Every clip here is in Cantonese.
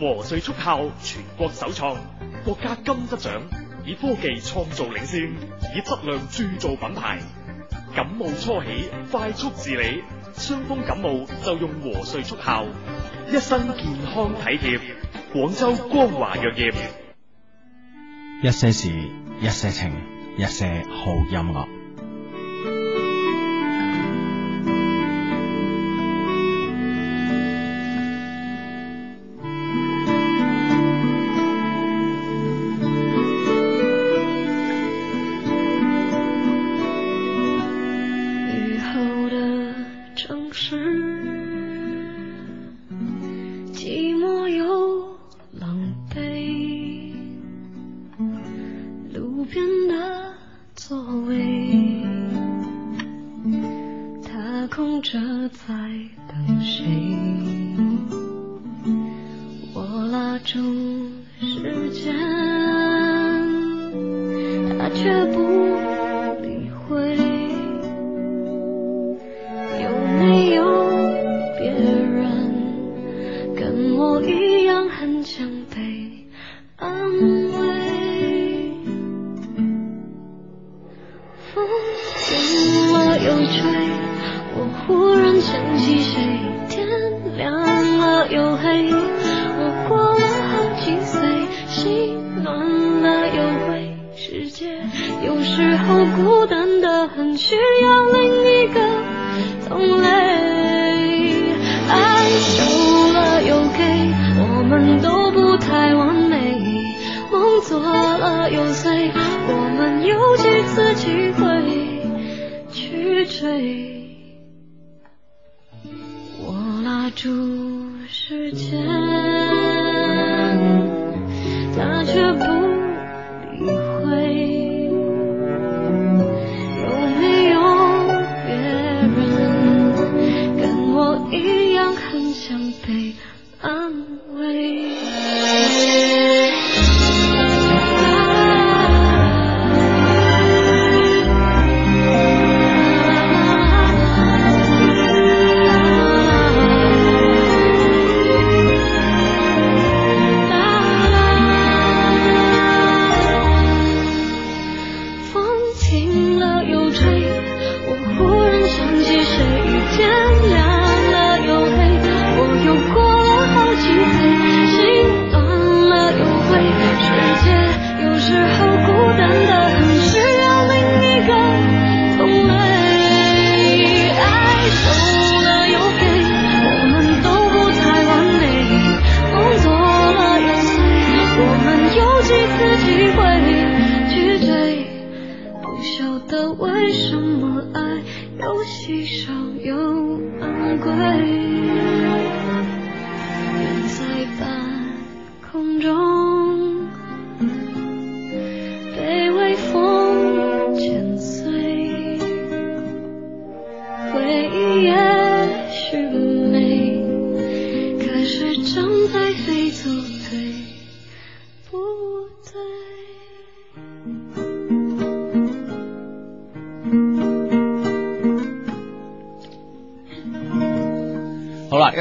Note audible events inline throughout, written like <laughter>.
和穗速效全國首創，國家金質獎，以科技創造領先，以質量鑄造品牌。感冒初起快速治理，傷風感冒就用和穗速效，一身健康體貼。廣州光華藥業，一些事，一些情，一些好音樂。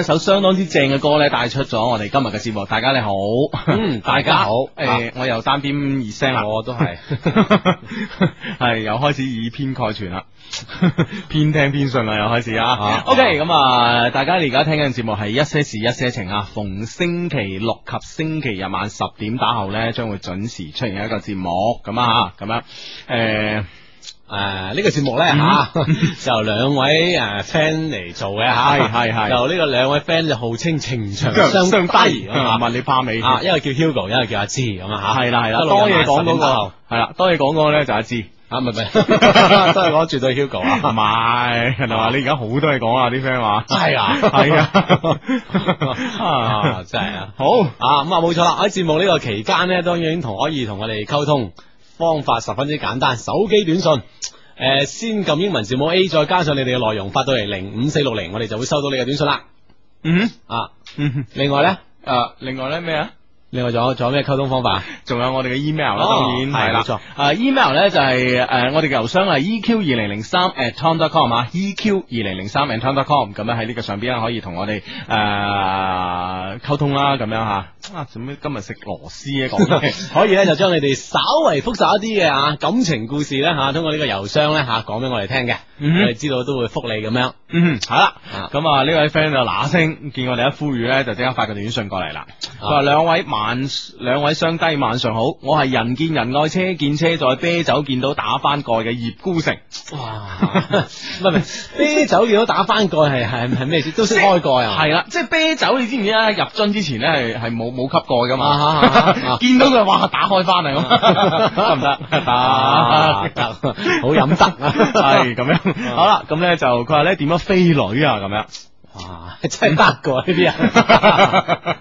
首相當之正嘅歌咧，帶出咗我哋今日嘅節目。大家你好，嗯，大家好，誒、 <laughs> 啊呃，我又三點二聲啦，我都係，係 <laughs> <laughs> 又開始以偏概全啦， <laughs> 偏聽偏信啦，又開始啊，吓 <laughs> ，OK，咁、嗯、啊，大家而家聽緊節目係一些事一些情啊，逢星期六及星期日晚十點打後呢，將會準時出現一個節目，咁啊，咁樣、啊，誒、呃。誒，呢個節目咧吓，就由兩位誒 friend 嚟做嘅吓，係係係，由呢個兩位 friend 就號稱情長相雙低，問你怕未？啊，一個叫 Hugo，一個叫阿芝。咁啊吓，係啦係啦，多嘢講嗰個，係啦，多嘢講嗰個咧就阿芝。啊咪咪，真係講住對 Hugo 啊，唔係，話你而家好多嘢講啊，啲 friend 話，係啊，係啊，真係啊，好啊，咁啊冇錯啦，喺節目呢個期間咧，當然已經同可以同我哋溝通。方法十分之簡單，手機短信，誒、呃，先撳英文字母 A，再加上你哋嘅內容，發到嚟零五四六零，我哋就會收到你嘅短信啦。嗯、mm hmm. 啊，嗯哼、mm，hmm. 另外咧，誒，另外咧咩啊？另外仲有仲有咩溝通方法 ail, 啊？仲有我哋嘅 email 啦，當然係啦，冇錯。誒，email 咧就係誒，我哋嘅郵箱係 eq 二零零三 at tom.com 係 e q 二零零三 at tom.com，咁樣喺呢個上邊可以同我哋誒溝通啦，咁、啊、樣吓。啊啊！做咩今日食螺絲咧？講可以咧、啊，就將你哋稍為複雜一啲嘅啊感情故事咧、啊、吓，通過呢個郵箱咧、啊、吓，講俾我哋聽嘅，我哋、嗯、哼知道都會覆你咁樣。嗯哼，好啦，咁啊呢位 friend 就嗱聲，見我哋一呼籲咧，就即刻發個短信過嚟啦。佢話兩位晚，兩位雙低晚上好，我係人見人愛，車見車載，啤酒見到打翻蓋嘅葉孤城。哇！唔係，啤酒見到打翻蓋係係係咩先？都識開蓋啊？係啦、啊，即係啤酒，你知唔知啊？入樽之前咧係係冇。冇吸過噶嘛，見到佢話，打開翻嚟咁，得唔得啊？得，好飲得，啊，係咁樣。好啦，咁咧就佢話咧點樣飛女啊？咁樣，哇，真係得噶呢啲啊！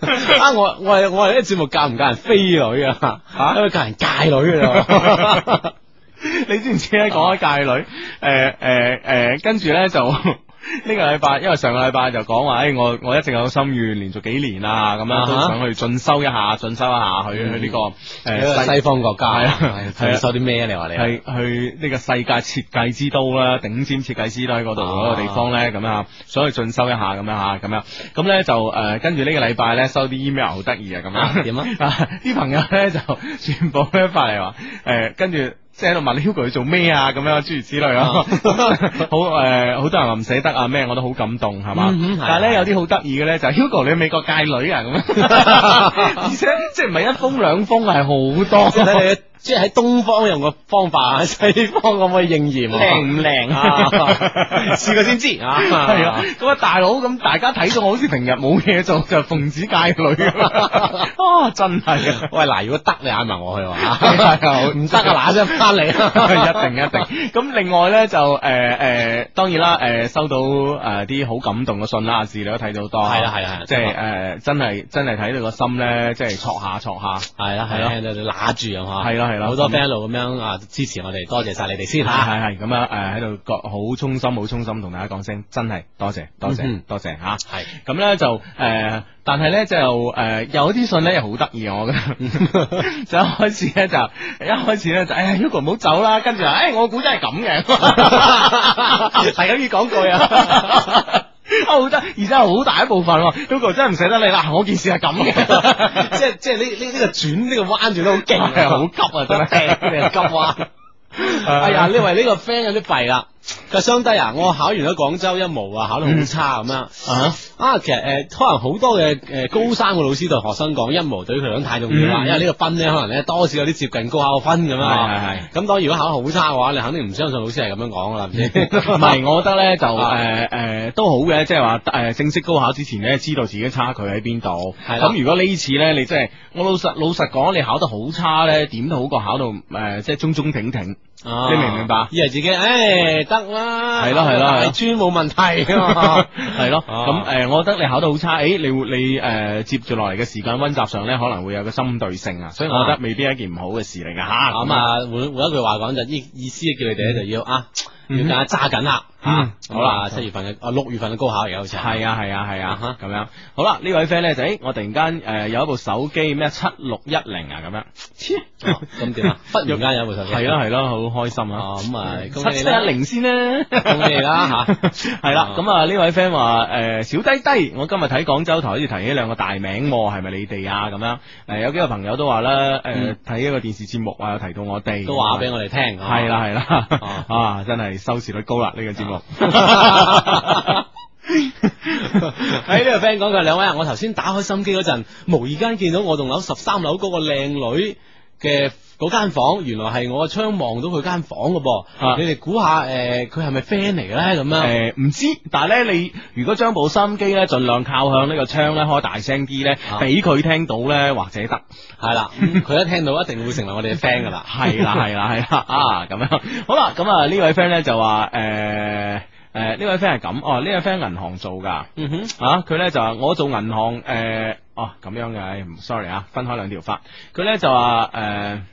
啊，我我係我係呢節目教唔教人飛女啊？吓，教人界女嘅你知唔知咧？講開界女，誒誒誒，跟住咧就。呢個禮拜，因為上個禮拜就講話，誒、哎，我我一直有心願，連續幾年啊，咁樣都、啊、想去進修一下，進修一下去、嗯、去呢、這個誒、欸、西方國家，進修啲咩啊？你話你係去呢個世界設計之都啦，頂尖設計師都喺嗰度嗰個地方咧，咁啊，啊，想去進修一下，咁樣吓、啊，咁樣、啊、咁咧、啊、就誒，跟、呃、住呢個禮拜咧，收啲 email 好得意啊，咁樣點啊？啲、啊啊、朋友咧就全部咧發嚟話，誒、呃，跟住。即係喺度問你 Hugo 你做咩啊咁樣，諸如此類咯、啊， <laughs> 好誒，好、呃、多人話唔捨得啊咩，我都好感動係嘛，但係咧有啲好得意嘅咧就係、 <laughs> Hugo 你去美國界女啊咁樣， <laughs> <laughs> 而且即係唔係一封兩封係好多。即係喺東方用個方法，西方可唔可以應驗？靈唔靈啊？試過先知嚇。係啊，咁啊大佬咁，大家睇到我好似平日冇嘢做，就奉旨戒女啊！真係啊，喂嗱，如果得你嗌埋我去啊，唔得啊，嗱即係翻嚟啦，一定一定。咁另外咧就誒誒，當然啦，誒收到誒啲好感動嘅信啦，阿志你都睇到多係啦係啊，即係誒真係真係睇到個心咧，即係戳下戳下，係啦係咯，就揦住啊嘛，係啦。係啦，好、啊啊、多 friend 咁樣啊支持我哋，多謝晒你哋先吓，係係咁啊！誒，喺度好衷心，好衷心同大家講聲，真係多謝，多謝，多謝吓。係咁咧就誒，但係咧就誒，有啲信咧又好得意我嘅，就 <laughs> 一開始咧就一開始咧就誒 Yuko 唔好走啦，跟住誒，我估真係咁嘅，係咁要講句啊。 <laughs> 哦、好得，而家好大一部分，Google 真係唔捨得你啦！我件事係咁嘅，即係即係呢呢呢個轉呢、呢個彎轉得好勁，好、 <laughs> 哎、急啊！真係， <laughs> 真係急彎、啊。 <laughs> 哎呀呦，呢位呢個 friend 有啲弊啦。架相低啊！我考完咗廣州一模啊，考得好差咁樣 <laughs> 啊！啊，其實誒、呃，可能好多嘅誒，高三嘅老師對學生講，一模對佢咁態度唔一樣，嗯、因為個呢個分咧，可能咧多少有啲接近高考嘅分咁樣。係係係。咁當如果考得好差嘅話，你肯定唔相信老師係咁樣講噶啦，唔知？唔係，我覺得咧就誒誒、呃呃、都好嘅，即係話誒正式高考之前咧，知道自己嘅差距喺邊度。係的。咁如果次呢次咧，你即、就、係、是、我老實老實講，你考得好差咧，點都好過考到誒即係中中挺挺。你明唔明白？以為自己，誒、欸，得、啊、啦，係咯係咯，大專冇問題噶嘛，係咯。咁誒，我覺得你考得好差，誒、欸，你你誒、呃，接住落嚟嘅時間溫習上咧，可能會有個針對性啊，所以我覺得未必係一件唔好嘅事嚟噶吓。咁換換一句話講就，意意思叫你哋就要啊，嗯、要大家揸緊啦。嗯，好啦，七月份嘅啊六月份嘅高考嚟嘅好似係啊係啊係啊吓咁樣，好啦呢位 friend 咧就誒我突然間誒有一部手機咩七六一零啊咁樣，咁點啊忽然間有一部手機係咯係咯好開心啊咁啊七七一零先啦恭喜你啦吓係啦咁啊呢位 friend 話誒小低低我今日睇廣州台好似提起兩個大名係咪你哋啊咁樣誒有幾個朋友都話啦誒睇一個電視節目啊有提到我哋都話俾我哋聽係啦係啦啊真係收視率高啦呢個節目。喺呢個 friend 講嘅兩位，啊 th，我頭先打開心機嗰陣，無意間見到我棟樓十三樓嗰個靚女嘅。嗰間房間原來係我個窗望到佢間房噶噃，uh, 你哋估下誒佢係咪 friend 嚟嘅咧咁樣？誒、呃、唔、uh, 知，但係咧你如果將部收音機咧，盡量靠向呢個窗咧，開大聲啲咧，俾佢、uh. 聽到咧，或者得係啦。佢、 <laughs> 嗯、一聽到一定會成為我哋嘅 friend 噶啦，係啦係啦係啦啊咁樣、樣、呃呃、樣。好啦，咁啊呢位 friend 咧就話誒誒呢位 friend 係咁哦，呢位 friend 銀行做噶，嗯哼啊，啊佢咧就話我做銀行誒、呃、哦咁樣嘅，sorry 唔啊，分開兩條法。佢咧就話誒。呃呃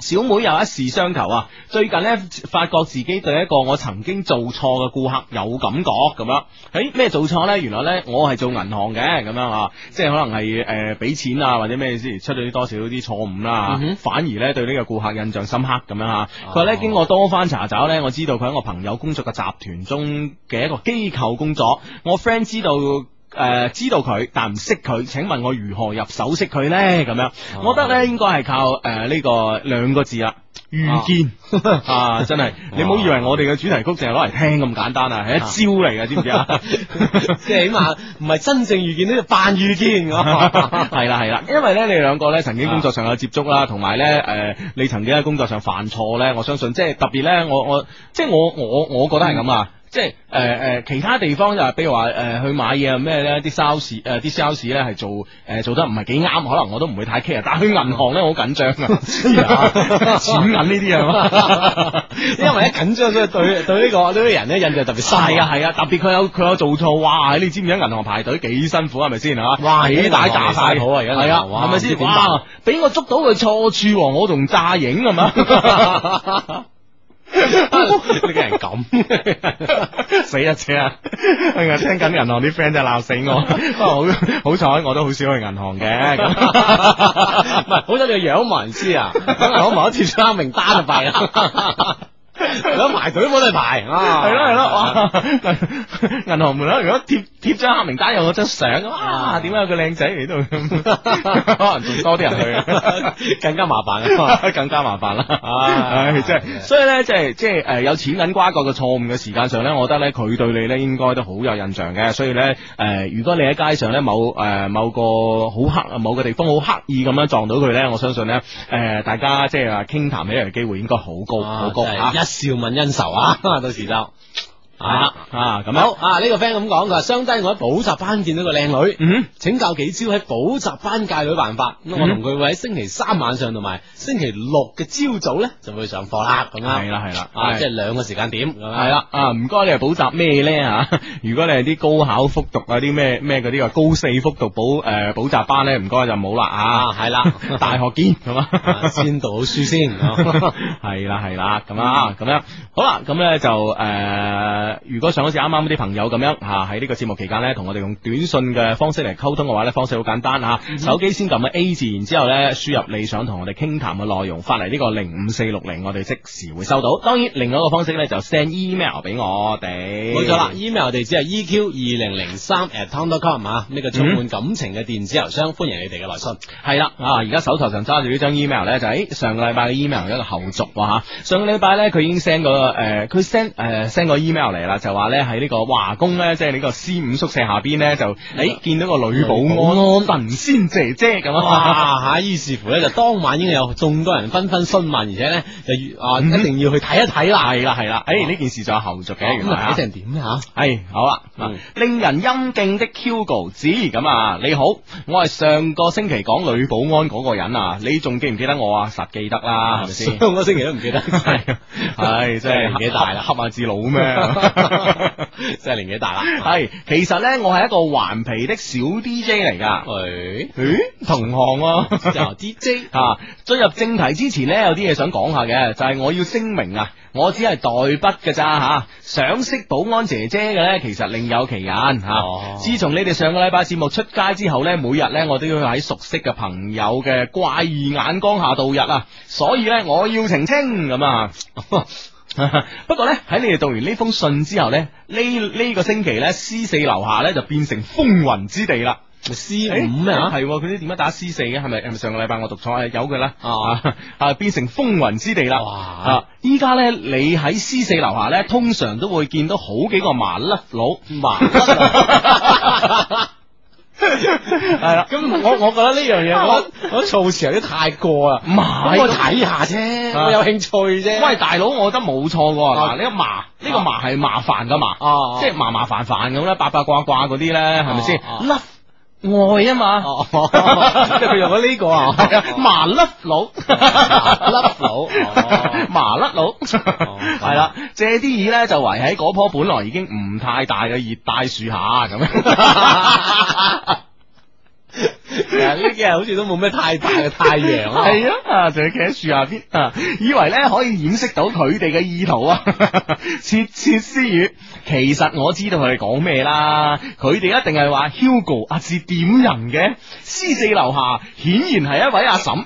小妹有一事相求啊！最近呢，發覺自己對一個我曾經做錯嘅顧客有感覺咁樣，誒，咩做錯呢？」原來呢，我係做銀行嘅咁樣、呃、啊，即係可能係誒俾錢啊或者咩先出咗多少啲錯誤啦、啊，嗯、哼反而呢，對呢個顧客印象深刻咁樣吓。佢話呢，啊哦、經過多番查找呢，我知道佢喺我朋友工作嘅集團中嘅一個機構工作，我 friend 知道。誒、啊，知道佢但唔識佢，請問我如何入手識佢呢？咁樣，我覺得咧應該係靠誒呢、呃這個兩個字啦、啊，遇愉見 <laughs> 啊，真係你唔好以為我哋嘅主題曲淨係攞嚟聽咁簡單啊，係一招嚟噶， <laughs> 知唔知啊？即係 <laughs> <laughs> 起碼唔係真正遇見，呢，要扮遇見。係啦係啦，因為呢，你兩個咧曾經工作上有接觸啦，同埋 <laughs> 呢，誒、呃、你曾經喺工作上犯錯呢。我相信即係特別呢，我我，我，我即係我我我覺得係咁啊。 <laughs> <laughs> 即係誒誒，其他地方就係、是、比如話誒、呃、去買嘢啊咩咧，啲 sales 誒啲 sales 咧係做誒、呃、做得唔係幾啱，可能我都唔會太 care。但係去銀行咧好緊張啊，錢銀呢啲啊， <laughs> 因為一緊張，所以對 <laughs> 對呢個呢啲人咧印象特別晒啊，係啊，啊特別佢有佢有做錯，哇！你知唔知銀行排隊幾辛苦係咪先啊？哇！幾大扎晒譜啊，銀行係咪先？哇！俾我捉到佢錯處，我仲炸影係嘛？呢啲人咁， <laughs> 這 <laughs> 死一車！啊！日聽緊銀行啲 friend 就鬧死我，不過好彩我都好少去銀行嘅。唔係，好彩你個樣冇人知啊，我冇、 <laughs> <laughs> 啊、一次生名單就廢啦。 <laughs> 攞埋隊都冇得排，係咯係咯，哇！銀行門口。如果貼貼張黑名單有張相，啊，的 <laughs> 點解有個靚仔嚟度？可能仲多啲人去，更加麻煩啊，更加麻煩啦！唉，係，的所以咧，即係即係誒，有錢銀瓜葛嘅錯誤嘅時間上咧，我覺得咧，佢對你咧應該都好有印象嘅，所以咧誒、呃，如果你喺街上咧某誒、呃、某個好黑啊某個地方好刻意咁樣撞到佢咧，我相信咧誒、呃，大家即係話傾談起嚟嘅機會應該好高好高吓。啊的笑問恩仇啊，到時就。啊啊咁好啊！呢個 friend 咁講，佢話相低我喺補習班見到個靚女，嗯，請教幾招喺補習班界裏辦法。咁我同佢會喺星期三晚上同埋星期六嘅朝早咧，就會去上課啦。咁樣係啦係啦，即係兩個時間點咁樣係啦。啊，唔該，你係補習咩咧吓？如果你係啲高考復讀啊，啲咩咩嗰啲個高四復讀補誒補習班咧，唔該就冇啦啊。係啦，大學見咁啊，先讀好書先。係啦係啦，咁啊咁樣好啦。咁咧就誒。如果想好似啱啱啲朋友咁樣吓，喺呢個節目期間呢，同我哋用短信嘅方式嚟溝通嘅話呢，方式好簡單嚇，嗯、哼手機先撳個 A 字，然之後呢輸入你想同我哋傾談嘅內容，發嚟呢個零五四六零，我哋即時會收到。當然另外一個方式呢，就 send email 俾我哋，冇錯啦，email 地址只係 eq 二零零三 at tom.com 嘛，呢、啊這個充滿感情嘅電子郵箱，嗯、歡迎你哋嘅來信。係啦，啊而家手頭上揸住呢張 email 呢、就是，就係上個禮拜嘅 email 一個後續喎，上個禮拜呢，佢、啊、已經 send 個誒，佢 send 誒 send 個 email 係啦，就話咧喺呢個華工咧，即係呢個 C 五宿舍下邊咧，就誒見到個女保安神仙姐姐咁啊！於是乎咧，就當晚已經有眾多人紛紛詢問，而且咧就啊一定要去睇一睇啦，係啦係啦！誒，呢件事仲有後續嘅，咁啊睇成點啦吓？係好啦，令人陰敬的 Cugo，子咁你好，我係上個星期講女保安嗰個人啊，你仲記唔記得我啊？實記得啦，係咪先？上個星期都唔記得，係係真係年紀大啦，恰下字佬咩？ <laughs> 真係年紀大啦，係 <laughs> 其實呢，我係一個頑皮的小 DJ 嚟噶，誒、欸欸，同行哦、啊，就 DJ 吓。進入正題之前呢，有啲嘢想講下嘅，就係、是、我要聲明啊，我只係代筆嘅咋吓，想識保安姐姐嘅呢，其實另有其人吓。啊哦、自從你哋上個禮拜節目出街之後呢，每日呢，我都要喺熟悉嘅朋友嘅怪異眼光下度日啊，所以呢，我要澄清咁啊。 <laughs> <laughs> 不過呢，喺你哋讀完呢封信之後咧，呢呢、呢個星期呢 c 四樓下呢就變成風雲之地啦。C 五咩、欸、啊？係佢啲點解打 C 四嘅？係咪？係咪上個禮拜我讀錯、啊？有嘅啦。啊啊， <laughs> 變成風雲之地啦。哇！依家呢，你喺 C 四樓下呢，通常都會見到好幾個麻甩佬麻。生 <laughs> <laughs> 係啦，咁我我覺得呢樣嘢，我我措辭有啲太過啦。麻，我睇下啫，我有興趣啫。喂，大佬，我覺得冇錯喎。嗱，呢個麻，呢個麻係麻煩嘅麻，即係麻麻煩煩咁咧，八八卦卦嗰啲咧，係咪先？愛啊嘛，即係佢用咗呢、這個啊， <laughs> <laughs> 麻甩佬，哦、 <laughs> 麻甩佬，麻甩佬，係啦， <laughs> 借啲椅咧就圍喺嗰棵本來已經唔太大嘅熱帶樹下咁樣。 <laughs> 成日呢幾日好似都冇咩太大嘅太陽，係啊，就、 <laughs> 啊、要企喺樹下邊，以為咧可以掩飾到佢哋嘅意圖啊，竊竊私語。其實我知道佢哋講咩啦，佢哋一定係話 Hugo 阿、啊、是點人嘅，私字樓下顯然係一位阿嬸，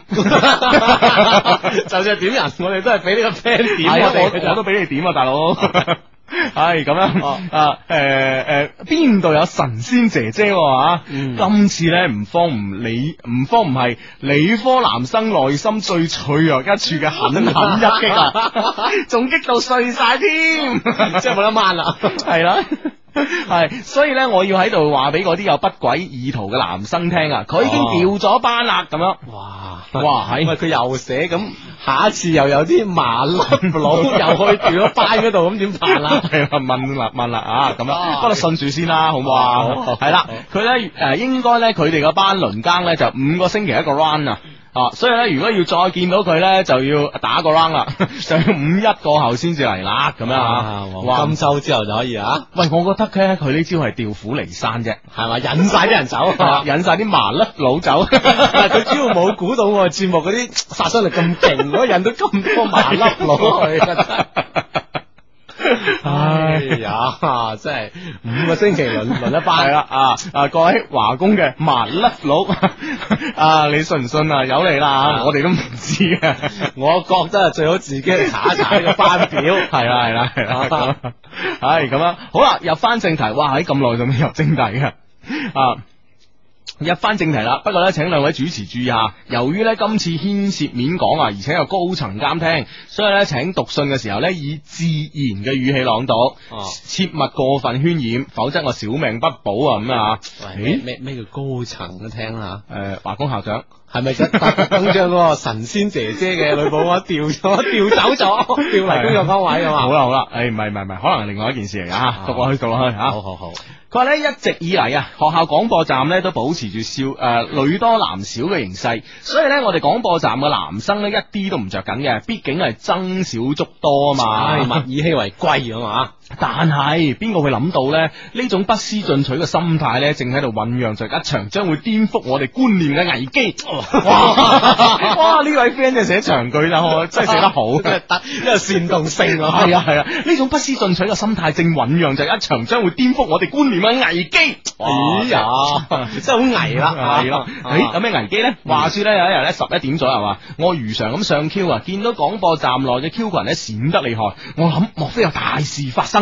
就算係點人，我哋都係俾呢個 friend 點、啊 <laughs> 啊，我我都俾你點啊，大佬。 <laughs> <laughs> 係咁樣、哦、啊！誒、呃、誒，邊、呃、度有神仙姐姐吓、啊，嗯、今次咧唔方唔理，唔方唔係理科男生內心最脆弱一處嘅狠狠一擊啊！仲、哦、 <laughs> 激到碎晒添，哦、 <laughs> 即係冇得掹啦，係啦。係， <laughs> 所以咧，我要喺度話俾嗰啲有不軌意圖嘅男生聽啊，佢已經調咗班啦，咁樣。哇哇，係佢又寫咁？下一次又有啲麻卵佬又去調咗班嗰度，咁點辦 <laughs> 啊？係啊，問啦問啦啊，咁不如順住先啦，好唔好啊？係啦，佢咧誒，應該咧佢哋個班輪更咧就五個星期一個 run 啊。哦、啊，所以咧，如果要再見到佢咧，就要打個 round 啦，就要五一過後先至嚟啦，咁樣吓、啊，啊、今周之後就可以啊。喂，我覺得咧，佢呢招係調虎離山啫，係嘛，引晒啲人走， <laughs> 引晒啲麻甩佬走。 <laughs> 但係佢只要冇估到我節目嗰啲殺傷力咁勁，嗰 <laughs> 引到咁多麻甩佬去。 <laughs> 啊 <laughs> 哎呀，真係五個星期輪輪一班啦，啊，啊各位華工嘅麻甩佬，啊你信唔信啊？有你啦，我哋都唔知嘅，我覺得最好自己去查一查呢個班表，係啦係啦係啦，唉咁啦，好啦，入翻正題，哇喺咁耐仲未入正題嘅啊。入翻正題啦，不過咧，請兩位主持注意下。由於咧今次牽涉免講啊，而且有高層監聽，所以咧請讀信嘅時候咧以自然嘅語氣朗讀，切勿過分渲染，否則我小命不保啊咁啊吓。咩咩叫高層監聽啊？誒，華工校長係咪將嗰個神仙姐姐嘅女寶我調咗調走咗，調嚟呢個方位係嘛？好啦好啦，誒唔係唔係唔係，可能另外一件事嚟噶吓，讀落去讀落去吓，好好好。佢話咧一直以嚟啊，學校廣播站咧都保持住少誒、呃、女多男少嘅形勢，所以咧我哋廣播站嘅男生咧一啲都唔着緊嘅，畢竟係僧少粥多啊嘛，物 <laughs> 以稀為貴啊嘛。但係邊個會諗到咧？呢種不思進取嘅心態咧，正喺度醞釀着一場將會顛覆我哋觀念嘅危機。哇呢 <laughs> 位 friend 就寫長句啦，我、哦、真係寫得好、啊，一得一有煽動性 <laughs> 啊！係啊係啊！呢、啊、種不思進取嘅心態正醞釀着一場將會顛覆我哋觀念嘅危機。哇哎呀，真係好危啦，係咯、啊？誒、啊哎，有咩危機咧？話說咧有一日咧，十一點左右啊我如常咁上 Q 啊，見到廣播站內嘅 Q 群咧閃得厲害，我諗莫非有大事發生？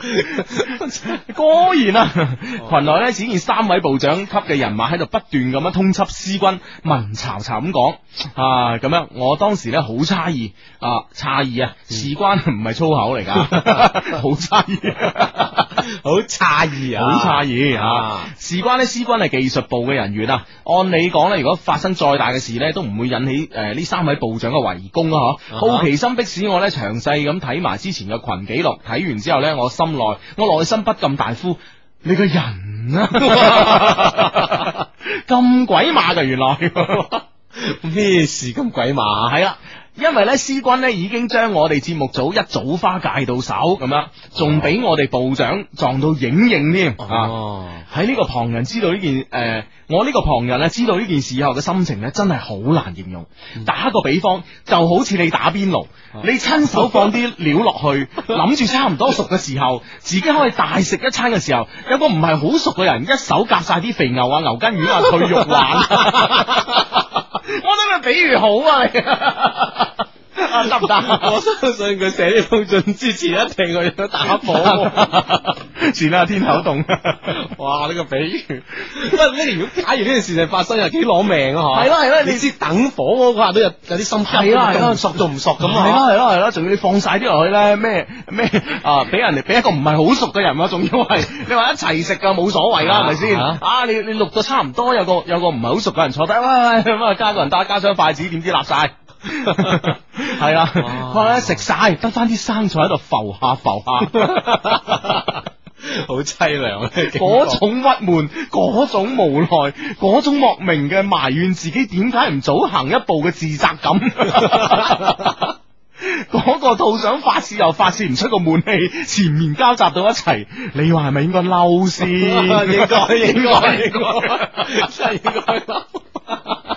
<laughs> 果然啊！Uh huh. 群內咧只見三位部長級嘅人馬喺度不斷咁樣通緝師君問巢巢咁講啊咁樣，我當時咧好詫異啊詫異啊，嗯、事關唔係粗口嚟噶，好詫異，好詫異啊，好 <laughs> 詫異啊！事關呢，師君係技術部嘅人員啊。按理講呢，如果發生再大嘅事呢，都唔會引起誒呢、呃、三位部長嘅圍攻啊。嗬、uh，好奇心迫使我呢，詳細咁睇埋之前嘅群記錄，睇完之後呢，我、huh. 心、uh。Huh. Uh huh. 來，我內心不禁大呼：你個人啊，咁鬼馬噶，原來咩如 <laughs> 麼事咁鬼馬？係 <laughs> 啦、啊。因為咧，C 君呢已經將我哋節目組一早花界到手咁樣，仲俾我哋部長撞到影影添。哦、啊，喺呢個旁人知道呢件誒、呃，我呢個旁人咧知道呢件事以後嘅心情咧，真係好難形容。打個比方，就好似你打邊爐，你親手放啲料落去，諗住差唔多熟嘅時候，自己可以大食一餐嘅時候，有個唔係好熟嘅人一手夾晒啲肥牛啊、牛筋丸啊、脆肉丸。 <laughs> 咁啊，比喻好啊！你 <laughs> 啊，得唔得？我相信佢寫呢封信之前一定佢有打火。算啦，天口凍。哇，呢個比喻，喂，你如果假如呢件事就發生，又幾攞命啊？嗬。係咯係咯，你知等火嗰下都有有啲心怕。係咯係咯，熟仲唔熟咁啊？係咯係咯係咯，仲要你放晒啲落去咧，咩咩啊？俾人哋俾一個唔係好熟嘅人，啊。仲要係你話一齊食啊，冇所謂啦，係咪先？啊，你你錄到差唔多，有個有個唔係好熟嘅人坐低，喂，喂，咁啊加個人搭加上筷子，點知立晒，係啊，哇，食晒，得翻啲生菜喺度浮下浮下。好淒涼啊！嗰 <noise> 種鬱悶，嗰種無奈，嗰種莫名嘅埋怨自己點解唔早行一步嘅自責感，嗰 <laughs> 個肚想發洩又發洩唔出個悶氣，前面交集到一齊，你話係咪應該嬲先？應該應該應該真係應該，得個得個得個，啊啊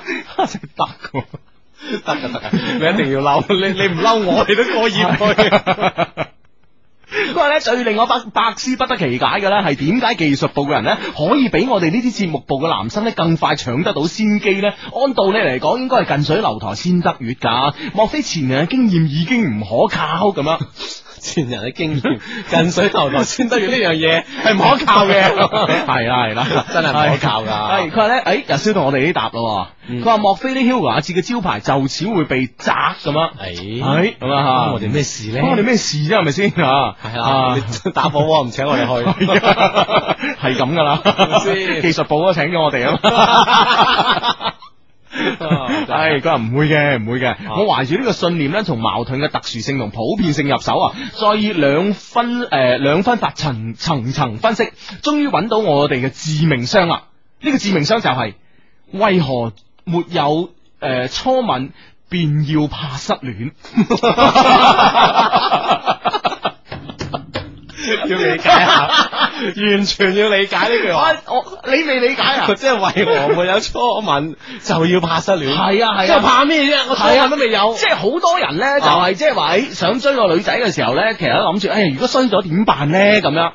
啊啊、 <laughs> 你一定要嬲，你你唔嬲我，你都過意唔去。 <laughs> <laughs> 不過咧，最令我百百思不得其解嘅咧，係點解技術部嘅人咧，可以比我哋呢啲節目部嘅男生咧，更快搶得到先機呢？按道理嚟講，應該係近水樓台先得月噶，莫非前人嘅經驗已經唔可靠咁樣？前人嘅經驗，近水樓台先得月呢樣嘢係唔可靠嘅，係啦係啦，真係唔可靠噶。係佢話咧，哎，又燒到我哋呢啲答咯。佢話莫非啲希臘字嘅招牌就此會被砸咁啊？哎，咁啊嚇，我哋咩事咧？我哋咩事啫？係咪先嚇？係啊，打火鍋唔請我哋去，係咁噶啦，先？技術部都請咗我哋啊！係佢話唔會嘅，唔會嘅。啊、我懷住呢個信念咧，從矛盾嘅特殊性同普遍性入手啊，再以兩分誒兩、呃、分法層層層分析，終於揾到我哋嘅致命傷啦。呢、這個致命傷就係、是、為何沒有誒、呃、初吻，便要怕失戀。 <laughs> <laughs> <laughs> 要理解下，完全要理解呢句話。我你未理解啊？即係 <laughs> 為何沒有初吻就要怕失戀。係啊係啊。即係、啊、怕咩啫？我睇下都未有。即係好多人咧就係即係話，誒想追個女仔嘅時候咧，其實諗住，哎如果失咗點辦咧咁樣。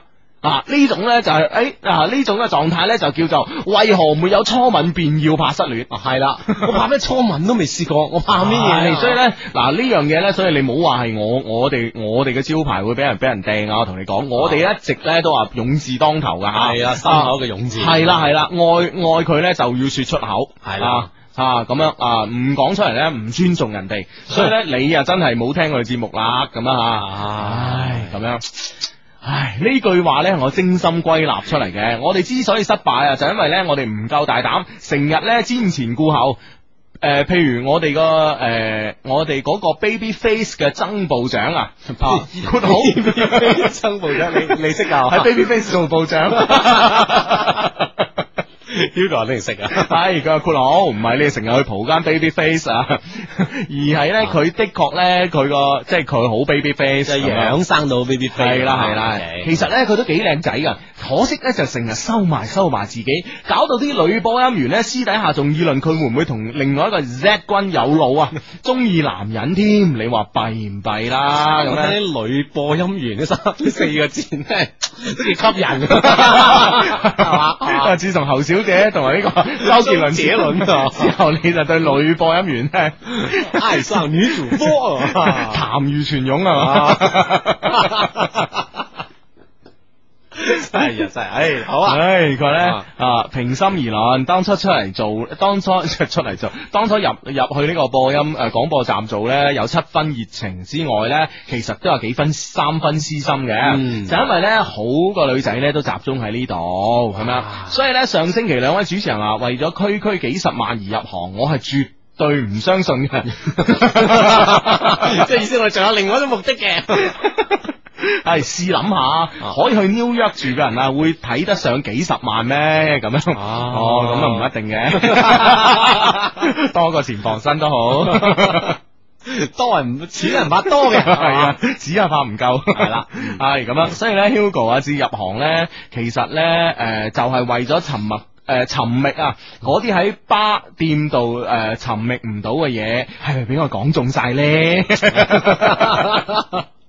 呢種呢就係誒，啊呢種嘅狀態呢就叫做為何沒有初吻便要怕失戀？係啦，我怕咩初吻都未試過，我怕咩嘢？所以呢，嗱呢樣嘢呢，所以你冇話係我我哋我哋嘅招牌會俾人俾人掟啊！我同你講，我哋一直呢都話勇字當頭噶，係啦，心口嘅勇字，係啦係啦，愛愛佢呢就要說出口，係啦啊咁樣啊，唔講出嚟呢，唔尊重人哋，所以呢，你啊真係冇聽我哋節目啦咁啊唉咁樣。唉，呢句話呢，我精心歸納出嚟嘅。我哋之所以失敗啊，就是因為呢，我哋唔夠大膽，成日呢瞻前顧後。誒、呃，譬如我哋個誒，我哋個 Baby Face 嘅曾部長啊，好，曾部長，你你識啊？喺 <laughs> Baby Face 做部長。 <laughs> <laughs> 呢個你哋食啊？係佢係酷佬，唔係你成日去蒲間 baby face 啊，而係咧佢的確咧，佢個即係佢好 baby face，養生到 baby face 啦，係啦。其實咧佢都幾靚仔噶，可惜咧就成日收埋收埋自己，搞到啲女播音員咧私底下仲議論佢會唔會同另外一個 Z 君有腦啊？中意男人添，你話弊唔弊啦？咁啲女播音員呢，三四個字咧，都幾吸引，係嘛？自從後少。小姐同埋呢個周杰倫寫倫 <laughs> 之後，你就對女播音員咧，愛上女主播，談如泉湧啊！ <laughs> <laughs> <laughs> 真係，好、yes, hey, oh, <laughs> 啊，唉佢咧啊平心而論，當初出嚟做，當初出嚟做，Adrian, 當初入入去呢個播音誒呃、廣播站做呢，有七分熱情之外呢，其實都有幾分三分私心嘅，嗯、就因為呢，好個女仔呢都集中喺呢度，係咪啊？所以呢，上星期兩位主持人話，為咗區區幾十萬而入行，我係絕對唔相信嘅，即 <laughs> 係 <laughs> 意思我仲有另外一個目的嘅。 <laughs> 係試諗下，啊、可以去 New York 住嘅人啊，會睇得上幾十萬咩？咁樣、啊、哦，咁啊唔一定嘅， <laughs> 多個錢防身都好， <laughs> 多人錢，人怕多嘅，係啊，只係怕唔夠，係啦，係咁樣。所以咧、嗯、，Hugo 啊，自入行咧，其實咧，誒、呃，就係、是、為咗尋覓誒，尋、呃、覓啊，嗰啲喺巴店度誒，尋覓唔到嘅嘢，係咪俾我講中晒咧？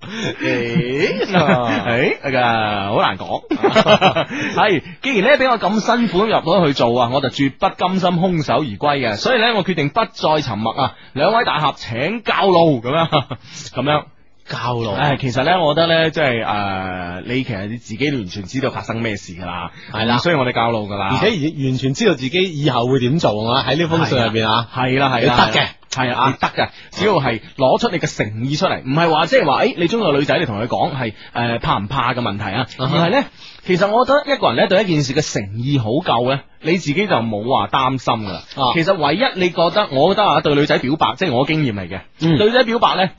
誒，誒、okay，啊、e，好、okay, 難講，係，buenas <laughs> 既然呢俾我咁辛苦入咗去做啊，我就絕不甘心空手而歸嘅，所以呢，我決定不再沉默啊，兩位大俠請教路，咁樣，咁樣教路，誒、哎，其實呢，我覺得呢，即係誒，你其實你自己完全知道發生咩事噶啦，係啦呀，所以我哋教路噶啦，而且完完全知道自己以後會點做的啊，喺呢封信入邊啊，係啦係啦，得嘅。係啊，得嘅，只要係攞出你嘅誠意出嚟，唔係話即係話，誒，你中意個女仔，你同佢講係誒怕唔怕嘅問題啊，而係呢，其實我覺得一個人咧對一件事嘅誠意好夠咧，你自己就冇話擔心噶啦，其實唯一你覺得，我覺得啊，對女仔表白，即係我經驗嚟嘅，嗯，對女仔表白呢。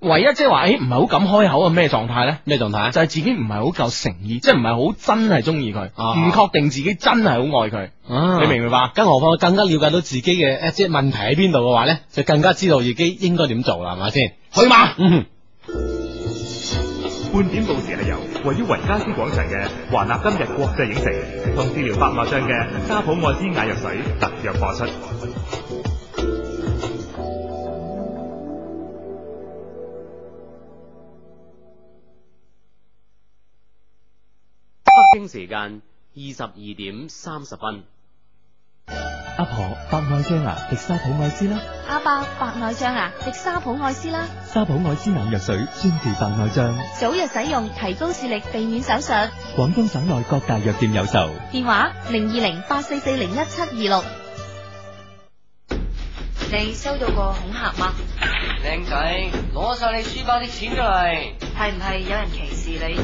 唯一即係話，誒、欸，唔係好敢開口啊？咩狀態咧？咩狀態？就係自己唔係好夠誠意，即係唔係好真係中意佢，唔確定自己真係好愛佢。啊，啊你明唔明白更何況更加了解到自己嘅、啊，即係問題喺邊度嘅話咧，就更加知道自己應該點做啦，係咪先？去嘛吧？嗯哼，半點報時係由位於維加斯廣場嘅華納今日國際影城同治療白內障嘅沙普愛滋眼藥水特約播出。北京時間二十二點三十分。阿婆白內障啊，迪沙普愛斯啦、啊。阿伯白內障啊，迪沙普愛斯啦、啊。沙普愛斯眼藥水，專治白內障。早日使用，提高視力，避免手術。廣東省內各大藥店有售。電話零二零八四四零一七二六。你收到過恐嚇嗎？靚仔，攞晒你書包啲錢出嚟。係唔係有人歧視你？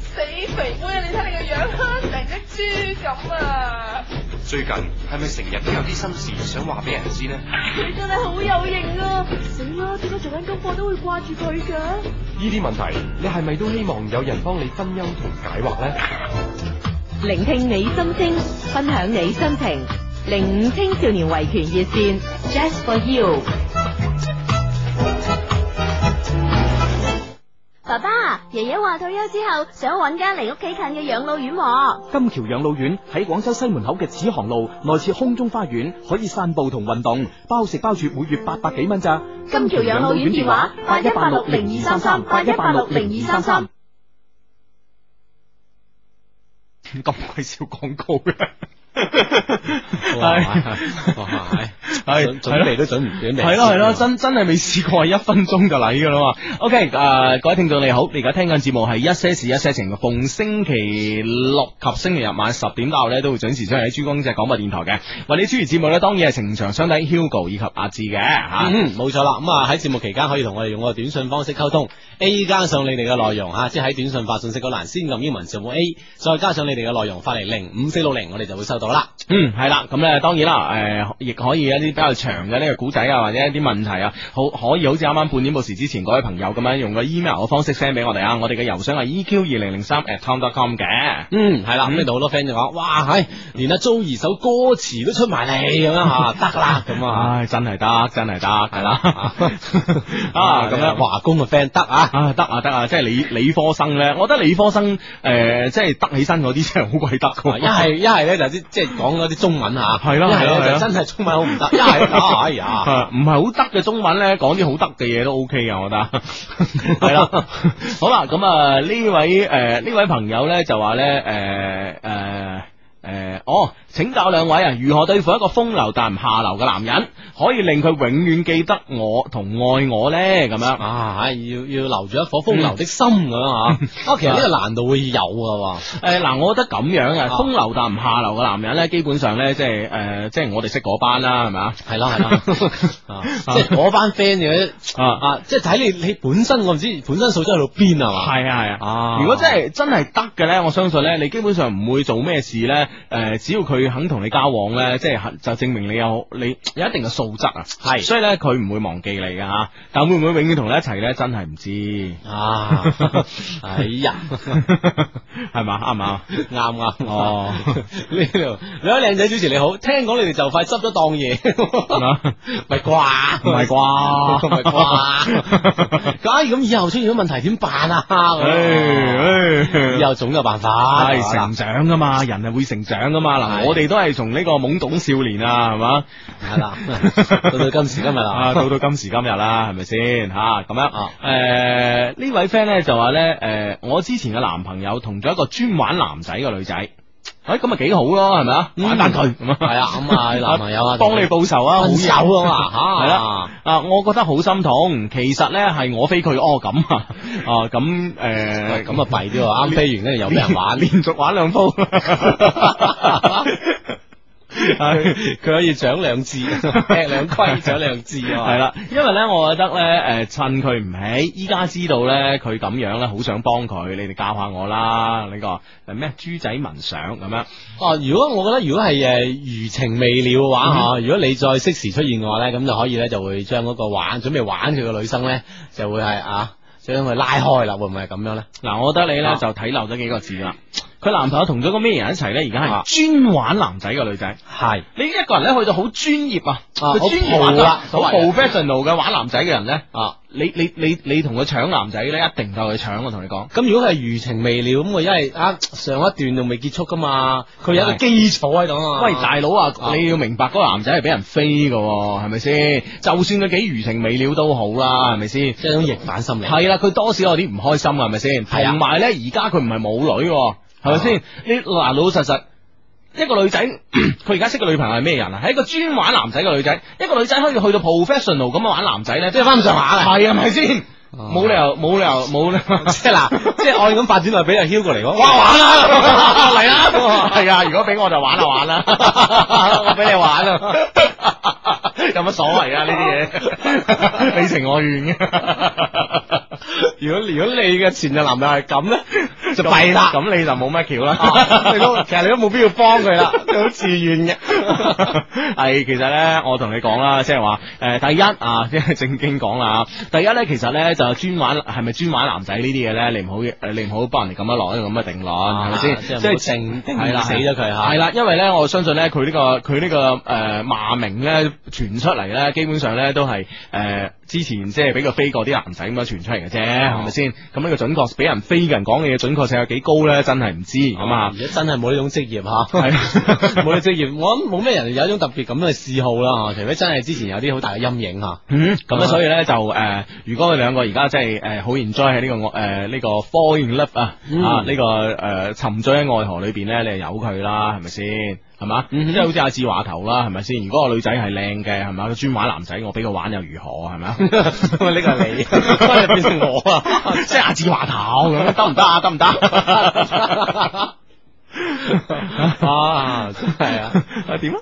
<laughs> 死肥妹，你睇你個樣，成隻豬咁啊！最近係咪成日都有啲心事想話俾人知呢？佢真係好有型啊！死啦，點解做緊功課都會掛住佢噶。呢啲問題，你係咪都希望有人幫你分憂同解惑呢？聆聽你心聲，分享你心情，零五青少年維權熱線，Just for you。爸爸、啊、爺爺話退休之後想揾間離屋企近嘅養老院，啊。金橋養老院喺廣州西門口嘅紫航路，內設空中花園，可以散步同運動，包食包住，每月八百幾蚊咋。金橋養老院電話：八一八六零二三三，八一八六零二三三。咁鬼少廣告嘅。 <laughs> <laughs> 哇！哇！係準備都準唔準備？係咯係咯，真真係未試過一分鐘就嚟噶啦嘛。OK，誒、呃、各位聽眾你好，你而家聽緊嘅節目係一些事一些情，逢星期六及星期日晚十點到咧都會準時出喺珠江台廣播電台嘅。為你主持節目咧當然係情長相睇 Hugo 以及阿志嘅吓，冇錯啦。咁啊喺節目期間可以同我哋用個短信方式溝通，A 加上你哋嘅內容吓，即係喺短信發信息嗰欄先撳英文字母 A，再加上你哋嘅內容，容發嚟零五四六零，5, 0, 我哋就會收。到啦，嗯，係啦，咁咧當然啦，誒，亦可以一啲比較長嘅呢個古仔啊，或者一啲問題啊，好可以好似啱啱半點報時之前嗰位朋友咁樣用個 email 嘅方式 send 俾我哋啊，我哋嘅郵箱係 eq 二零零三 at tom.com 嘅，嗯，係啦，咁呢度好多 friend 就講，哇，係連阿 Joey 首歌詞都出埋嚟咁樣嚇，得啦，咁啊，真係得，真係得，係啦，啊咁樣，哇，華工嘅 friend 得啊，得啊，得啊，即係理理科生咧，我覺得理科生誒，即係得起身嗰啲真係好鬼得，一係一係咧就啲。即係講嗰啲中文嚇，係咯係咯就真係中文好唔得，一係，哎呀，唔係好得嘅中文咧，講啲好得嘅嘢都 OK 嘅，我覺得係啦。好啦，咁啊呢位誒呢位朋友咧就話咧誒誒誒哦。請教兩位啊，如何對付一個風流但唔下流嘅男人，可以令佢永遠記得我同愛我咧？咁樣啊，要要留住一顆風流的心咁啊！哦，其實呢個難度會有嘅。誒，嗱，我覺得咁樣嘅風流但唔下流嘅男人咧，基本上咧，即係誒，即係我哋識嗰班啦，係咪啊？係啦係啦，即係嗰班 friend 嘅啊啊！即係睇你你本身我唔知本身素質喺度邊啊嘛？係啊係啊。如果真係真係得嘅咧，我相信咧，你基本上唔會做咩事咧。誒，只要佢。佢肯同你交往咧，即係就證明你有你有一定嘅素質啊。係，所以咧佢唔會忘記你嘅吓。但會唔會永遠同你一齊咧？真係唔知。啊， <laughs> 哎呀，係 <laughs> 嘛， <laughs> 啱唔啱？啱啱哦。 <laughs> 呢度兩位靚仔主持你好，聽講你哋就快執咗檔嘢，係咪啩？唔係啩？唔係啩？假如咁以後出現咗問題點辦啊？唉唉、哎，哎、以後總有辦法。係、哎、成長噶嘛，人係會成長噶嘛，嗱 <laughs> 呢我哋都係從呢個懵懂少年啊，係嘛？係啦，到到今時今日啦，到到今時今日啦，係咪先吓？咁、啊、樣樣誒，呃、位呢位 friend 咧就話咧誒，我之前嘅男朋友同咗一個專玩男仔嘅女仔。哎，咁咪幾好咯，係咪啊？玩翻佢，咁係啊，咁啊，男朋友啊，幫你報仇啊，好手啊，嘛，吓，係啦，啊，我覺得好心痛。其實咧，係我飛佢哦，咁啊，啊，咁誒，咁啊弊啲，啱飛完咧又俾人玩，連續玩兩鋪。係佢 <laughs> 可以獎兩字，劈兩規，獎兩字。係啦， <laughs> <laughs> 因為呢，我覺得呢，誒，趁佢唔起，依家知道呢，佢咁樣呢，好想幫佢。你哋教下我啦，呢、這個誒咩豬仔文想咁樣。哦、啊，如果我覺得如果係誒餘情未了嘅話，哦、嗯，如果你再適時出現嘅話呢，咁就可以呢，就會將嗰個玩準備玩佢嘅女生呢，就會係啊將佢拉開啦，會唔會係咁樣呢？嗱、啊，我覺得你呢，好就睇漏咗幾個字啦。佢男朋友同咗個咩人一齊咧？而家係專玩男仔嘅女仔，係、啊、是你一個人咧去到好專業啊！佢專、啊、業玩，好 professional 嘅玩男仔嘅人咧、啊，你你你你同佢搶男仔咧，一定夠佢搶。我同你講，咁、啊啊、如果佢係餘情未了咁，因為啊上一段仲未結束噶嘛，佢有一個基礎喺度啊。是啊喂，大佬啊，你要明白嗰個男仔係俾人飛嘅、啊，係咪先？就算佢幾餘情未了都好啦、啊，係咪先？即係種逆反心理。係啦，佢多少有啲唔開心，係咪先？係同埋咧，而家佢唔係冇女、啊。是係咪先？你嗱老老實實，一個女仔，佢而家識嘅女朋友係咩人啊？係一個專玩男仔嘅女仔。一個女仔可以去到 professional 咁樣玩男仔咧，即係翻咁上下啦。係啊，係咪先？冇理由，冇理由，冇即係嗱，即係、 <laughs> 就是就是、我咁發展落，俾阿 Hugo 嚟講，玩玩啦，嚟、啊、啦，係啊。如果俾我就玩就、啊、 <laughs> 玩啦、啊啊，我俾你玩啊。 <laughs> <laughs> 有乜所謂啊？呢啲嘢你情我願嘅。如果如果你嘅前任男友係咁咧，就弊啦。咁你就冇乜橋啦。你都其實你都冇必要幫佢啦，佢好自願嘅。係其實咧，我同你講啦，即係話，誒，第一啊，即係正經講啦。第一咧，其實咧就專玩係咪專玩男仔呢啲嘢咧？你唔好誒，你唔好幫人哋咁樣落呢個咁嘅定論，係咪先？即係正定死咗佢吓。係啦，因為咧，我相信咧，佢呢個佢呢個誒罵名咧。傳出嚟，咧，基本上咧都係誒、呃，之前即係俾佢飛過啲男仔咁、啊、樣傳出嚟嘅啫，係咪先？咁呢個準確俾人飛嘅人講嘅嘢準確性有幾高咧？真係唔知咁 <laughs> 啊！真係冇呢種職業吓，係冇呢種職業，我諗冇咩人有一種特別咁嘅嗜好啦。除非真係之前有啲好大嘅陰影吓，咁咧、嗯、所以咧就誒、呃，如果佢兩個而家即係誒好 enjoy 喺呢、呃這個我誒呢個 falling love 啊，呢、嗯啊這個誒、呃、沉醉喺愛河裏邊咧，你係由佢啦，係咪先？係嘛，嗯，即係好似阿志華頭啦，係咪先？如果個女仔係靚嘅，係嘛，佢專玩男仔，我俾佢玩又如何？係咪 <laughs> 是 <laughs> 啊？呢個係你，變成我啊，即係阿志華頭咁，得唔得啊？得唔得？啊，真係啊，係點啊？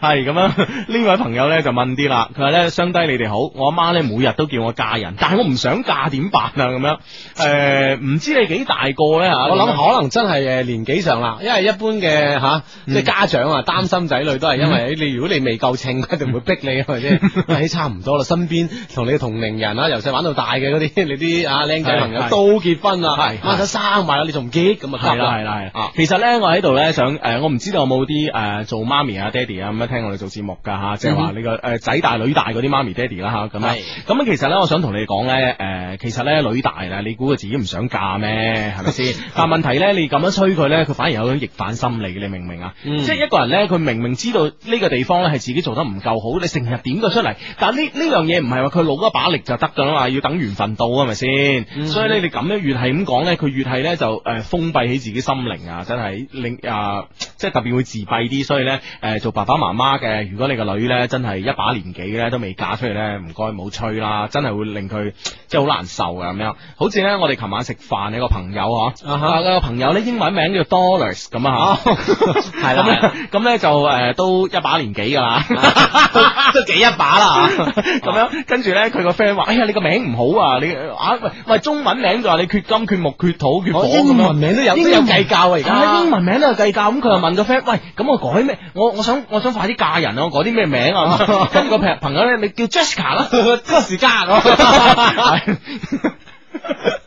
係咁樣？呢位朋友咧就問啲啦，佢話咧相低你哋好，我阿媽咧每日都叫我嫁人，但係我唔想嫁，點辦啊？咁樣誒，唔知你幾大個咧吓？我諗可能真係誒年紀上啦，因為一般嘅吓即係家長啊擔心仔女都係因為你，如果你未夠稱，一定會逼你係咪先？誒，差唔多啦，身邊同你同齡人啊，由細玩到大嘅嗰啲你啲啊靚仔朋友都結婚啦，係，乜都生埋啦，你仲唔結？咁啊，係啦，係啦，係。其實咧、呃，我喺度咧想誒，我唔知道有冇啲誒做媽咪啊、爹哋啊咁樣聽我哋做節目噶吓，即係話呢個誒仔大女大嗰啲媽咪爹哋啦吓，咁啊咁其實咧我想同你哋講咧誒，其實咧、呃、女大啦，你估佢自己唔想嫁咩？係咪先？ <laughs> 但係問題咧，你咁樣催佢咧，佢反而有種逆反心理，你明唔明啊？嗯、即係一個人咧，佢明明知道呢個地方咧係自己做得唔夠好，你成日點佢出嚟，但呢呢樣嘢唔係話佢老一把力就得噶啦，要等緣分到係咪先？嗯、哼所以咧你咁樣越係咁講咧，佢越係咧就誒封閉起自己心靈啊。真係令啊，即係特別會自閉啲，所以咧，誒、欸，做爸爸媽媽嘅，如果你個女咧真係一把年紀咧都未嫁出去咧，唔該冇催啦，真係會令佢即係好難受嘅咁樣。好似咧，我哋琴晚食飯一個朋友啊吓，啊個朋友咧英文名叫 Dollars 咁啊吓，係啦，咁咧就誒、呃、都一把年紀噶啦， <laughs> <laughs> 都幾一把啦，咁 <laughs> 樣。跟住咧佢個 friend 話：，哎呀，你個名唔好、啊，你啊喂喂，中文名就話你缺金缺木缺土缺火咁、呃、文樣，英文名都有都有計較啊！啊、英文名都有計較，咁佢又問個 friend：，喂，咁我改咩？我我想我想快啲嫁人啊！我改啲咩名啊？跟住個朋友咧，咪 <laughs> 叫 Jessica 啦 <laughs> 間，即時嫁我。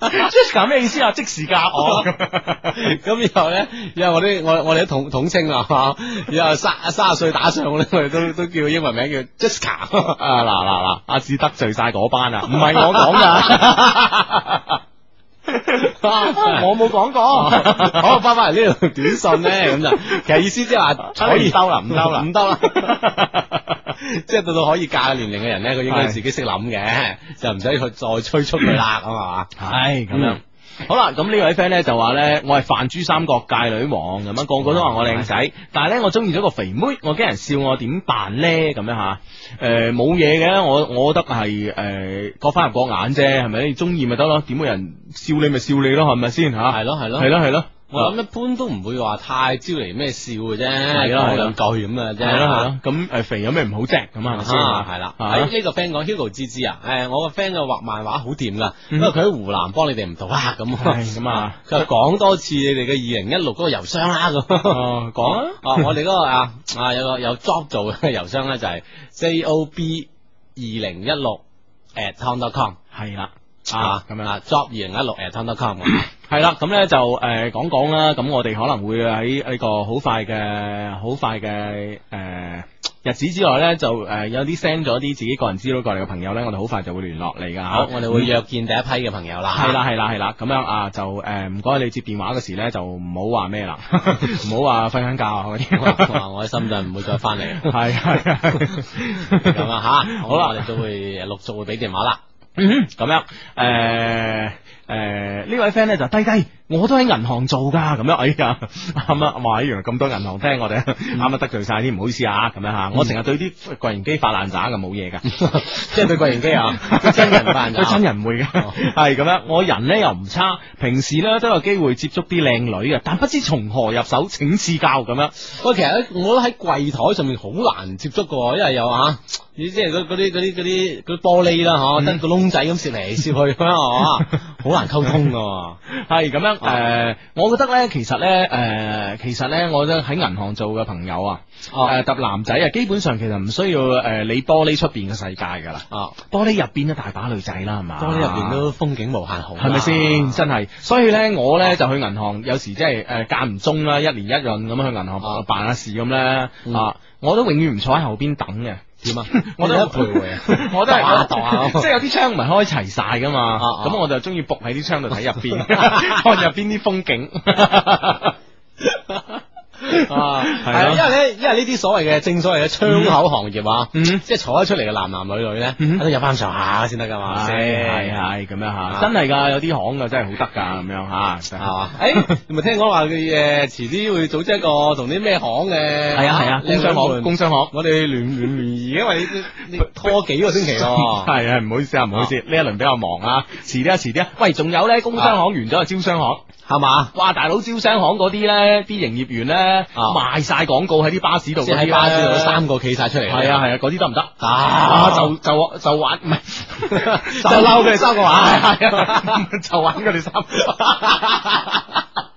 Jessica 咩意思啊？即時嫁我。咁 <laughs> <laughs> 以後咧，以後我啲我我哋統統稱啊， <laughs> 以後三三十歲打上我咧，都都叫英文名叫 Jessica、 <laughs> uh,。啊嗱嗱嗱，阿志得罪晒嗰班啊，唔係我講噶。 <laughs> <laughs> 啊、我冇講過，好翻翻嚟呢條短信咧，咁就其實意思即係話可以收啦，唔收啦，唔兜啦， <laughs> <laughs> 即係到到可以嫁嘅年齡嘅人咧，佢應該自己識諗嘅，就唔使去再催促佢啦，係嘛？係 <coughs> 咁樣。 <coughs> <coughs> 好啦，咁呢位 friend 咧就話咧，我係泛珠三角界女王，咁樣個個都話我靚仔，但係咧我中意咗個肥妹，我驚人笑我點辦咧？咁樣吓，誒冇嘢嘅，我我覺得係誒各翻入各眼啫，係咪？中意咪得咯，點會人笑你咪笑你咯，係咪先吓？係咯係咯係咯係咯。我諗一般都唔會話太招嚟咩笑嘅啫，係咯，兩句咁啊，啫。係咯，係咯。咁誒肥有咩唔好啫？咁係咪先？係啦。喺呢個 friend 講，Hugo 芝芝啊，誒，我個 friend 嘅畫漫畫好掂噶，不為佢喺湖南幫你哋唔到啊，咁咁啊。佢講多次你哋嘅二零一六嗰個郵箱啦咁。哦，講。哦，我哋嗰個啊啊有個有 job 做嘅郵箱咧就係 c o b 二零一六 at ton.com。係啦，啊咁樣啦，job 二零一六 at ton.com。係啦，咁咧就誒講講啦，咁、呃嗯、我哋可能會喺呢個好快嘅好快嘅誒、呃、日子之內咧，就誒有啲 send 咗啲自己個人資料過嚟嘅朋友咧，我哋好快就會聯絡你噶。好，我哋會約見第一批嘅朋友啦。係啦，係啦，係啦，咁樣啊，就誒唔該你接電話嗰時咧，就唔 <laughs> 好話咩啦，唔好話瞓緊覺啊啲，話我喺深圳唔會再翻嚟。係係， <laughs> 咁 <laughs> 啊吓，好啦，我哋都會陸續會俾電話啦。咁 <laughs> 樣誒。呃誒，呃、位朋友呢位 friend 咧就低低，我都喺銀行做噶，咁樣哎呀，啱、哎、啊，哇，原來咁多銀行 friend 我哋啱啊得罪晒啲，唔好意思啊，咁樣吓，嗯、我成日對啲櫃員機發爛渣噶，冇嘢噶，即係對櫃員機啊，真、啊、人發爛、啊，對真人會嘅，係咁、哦、樣，我人咧又唔差，平時咧都有機會接觸啲靚女嘅，但不知從何入手，請指教咁樣。喂、哦，其實我都喺櫃台上面好難接觸噶，因為有啊，啊，啊，你即係嗰啲啲啲啲玻璃啦，嗬，得個窿仔咁攝嚟攝去，嗬，好、啊、難。溝通嘅係咁樣，誒、uh. 呃，我覺得咧，其實咧，誒、呃，其實咧，我咧喺銀行做嘅朋友啊，誒、uh. 呃，揼男仔啊，基本上其實唔需要誒，你、呃、玻璃出邊嘅世界噶啦，uh. 啊，玻璃入邊都大把女仔啦，係嘛、啊，玻璃入邊都風景無限好，係咪先？真係，所以咧，我咧、uh. 就去銀行，有時即係誒間唔中啦，一年一潤咁去銀行辦下事咁咧，啊、uh. 嗯，我都永遠唔坐喺後邊等嘅。點啊？我都徘徊， <laughs> 我都係即係有啲窗唔係開齊晒噶嘛，咁 <laughs> 我就中意伏喺啲窗度睇入邊，看入邊啲 <laughs> <laughs> 風景。 <laughs> 啊，係咯，因為咧，因為呢啲所謂嘅正所謂嘅窗口行業啊，即係坐得出嚟嘅男男女女咧，都有翻上下先得噶嘛，係係咁樣吓，真係噶，有啲行噶真係好得噶咁樣吓，係嘛？誒，你咪聽講話佢誒，遲啲會組織一個同啲咩行嘅，係啊係啊，工商行，工商行，我哋聯聯聯誼，因為你拖幾個星期咯，係啊，唔好意思啊，唔好意思，呢一輪比較忙啊，遲啲啊，遲啲啊，喂，仲有咧，工商行完咗啊，招商行，係嘛？哇，大佬招商行嗰啲咧，啲營業員咧。賣晒廣告喺啲巴士度，喺巴士度三個企晒出嚟，係啊，係啊，嗰啲得唔得啊？就就就玩唔係， <laughs> 就嬲佢哋三個玩， <laughs> <laughs> 就玩佢哋三個。 <laughs>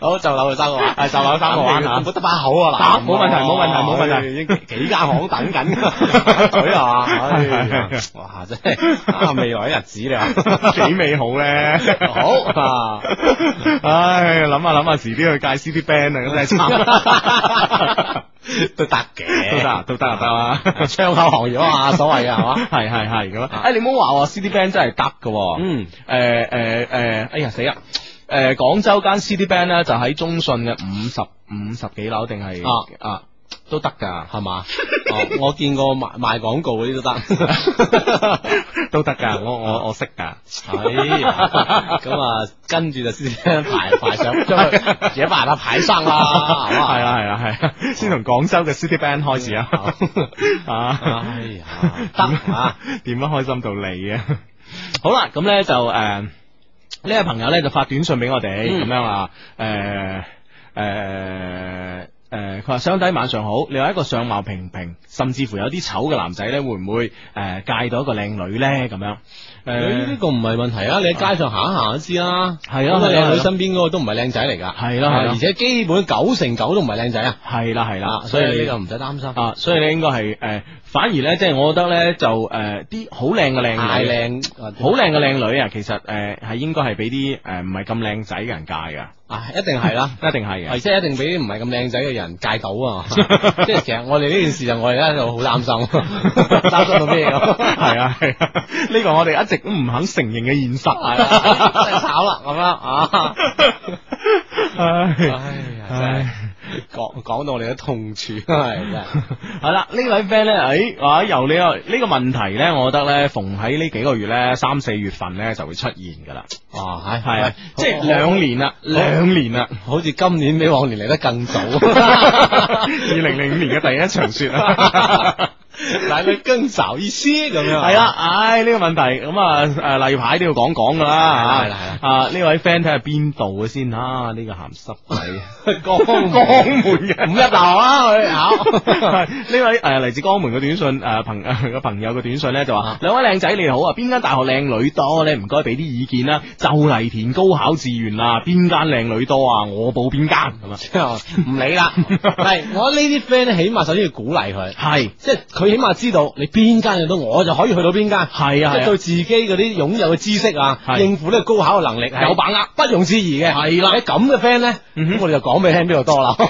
好就留三個，係就留三個啊！唔得把口啊！嗱，冇問題，冇問題，冇問題。幾間房等緊，嘴係嘛？哇！真係，未來啲日子你話幾美好咧？好，唉，諗下諗下，遲啲去戒 CD band 啊！咁啊，都得嘅，都得，都得啊！得嘛，窗口行業啊，所謂係嘛？係係係咁啊！你唔好話 CD band 真係得㗎。嗯，誒誒誒，哎呀死啊！誒，廣州間 City Band 咧，就喺中信嘅五十五十幾樓，定係啊都得噶，係嘛？我我見過賣賣廣告嗰啲都得，都得噶，我我我識噶。係，咁啊，跟住就先排排上，將自己排到排上啦，係嘛？係啊係啊係，先從廣州嘅 City Band 開始啊。啊，哎呀，得啊，點樣開心到你啊？好啦，咁咧就誒。呢位朋友咧就發短信俾我哋，咁、嗯、樣啊，誒、呃、誒。呃誒，佢話、呃、相睇晚上好，你話一個相貌平平，甚至乎有啲醜嘅男仔呢，會唔會誒介、呃、到一個靚女呢？咁樣誒呢、呃、個唔係問題啊！你喺街上行一行都知啦，係啊，靚女、啊、身邊嗰個都唔係靚仔嚟噶，係啦、啊啊啊、而且基本九成九都唔係靚仔啊，係啦係啦，啊啊、所以呢個唔使擔心啊，所以你應該係誒，反而呢，即、就、係、是、我覺得呢，就誒啲好靚嘅靚女，好靚嘅靚女啊，其實誒係、呃、應該係俾啲誒唔係咁靚仔嘅人介噶。啊，一定係啦， <laughs> 一定係嘅，係即係一定俾啲唔係咁靚仔嘅人戒到啊！即係 <laughs> 其實我哋呢件事就我哋咧就好擔心，啊，擔心到咩咁？係啊係啊，呢、啊啊這個我哋一直都唔肯承認嘅現實係啊，真係炒啦咁樣啊！唉唉唉。講講到我哋嘅痛處係係啦 <laughs> 呢位 friend 咧，誒、哎，由你呢、這個問題咧，我覺得咧，逢喺呢幾個月咧，三四月份咧就會出現噶啦。哦，係係，即係兩年啦，兩、哦、年啦，好似今年比往年嚟得更早。二零零五年嘅第一場雪啊！ <laughs> 但係佢更鑿意思咁樣，係啦，唉呢個問題咁啊，例牌都要講講噶啦吓，啊呢位 friend 睇下邊度嘅先啊，呢個鹹濕鬼江江門嘅五邑大學啊佢考，呢位誒嚟自江門嘅短信誒朋友嘅短信咧就話，兩位靚仔你好啊，邊間大學靚女多咧？唔該俾啲意見啦，就嚟填高考志願啦，邊間靚女多啊？我報邊間咁啊？唔理啦，係我呢啲 friend 起碼首先要鼓勵佢，係即係佢。你起碼知道你邊間入到，我就可以去到邊間。係啊，即係對自己嗰啲擁有嘅知識啊，應付呢個高考嘅能力係有把握，不容置疑嘅。係啦，你咁嘅 friend 咧，我哋就講俾你聽，邊度多啦。係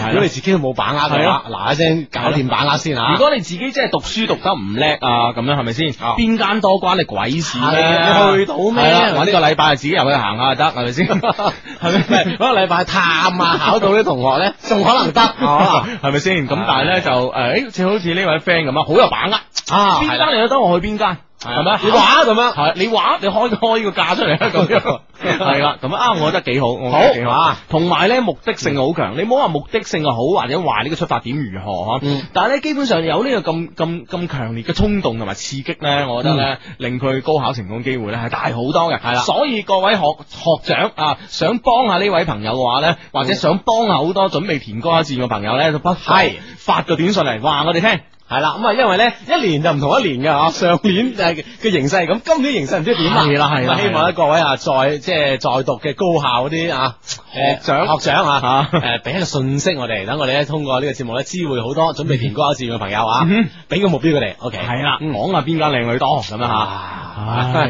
係如果你自己都冇把握，嗱一聲搞掂把握先啊。如果你自己即係讀書讀得唔叻啊，咁樣係咪先？邊間多關你鬼事？去到咩？我呢個禮拜自己入去行下得係咪先？係咪？嗰個禮拜探下考到啲同學咧，仲可能得。係咪先？咁但係咧就誒，正好。似呢位 friend 咁樣好有把握。啊，邊間你都想我去邊間？係咩？你話咁樣，係你話，你開開個價出嚟啦咁樣，係啦，咁啊，我覺得幾好，好話，同埋咧目的性好強，你唔好話目的性好或者話呢個出發點如何嗬，但係咧基本上有呢個咁咁咁強烈嘅衝動同埋刺激咧，我覺得咧令佢高考成功機會咧係大好多嘅，係啦，所以各位學學長啊，想幫下呢位朋友嘅話咧，或者想幫下好多準備填高考志願嘅朋友咧，都不係發個短信嚟話我哋聽。係啦，咁啊，因為咧，一年就唔同一年嘅嗬。上年嘅形勢係咁，今年形勢唔知點啦。係啦，希望咧，各位啊，在即係在讀嘅高校嗰啲啊，誒，學長啊，誒，俾一個信息我哋，等我哋咧通過呢個節目咧，知會好多準備填高考志願嘅朋友啊，俾個目標佢哋。O K。係啦，講下邊間靚女多咁啊吓。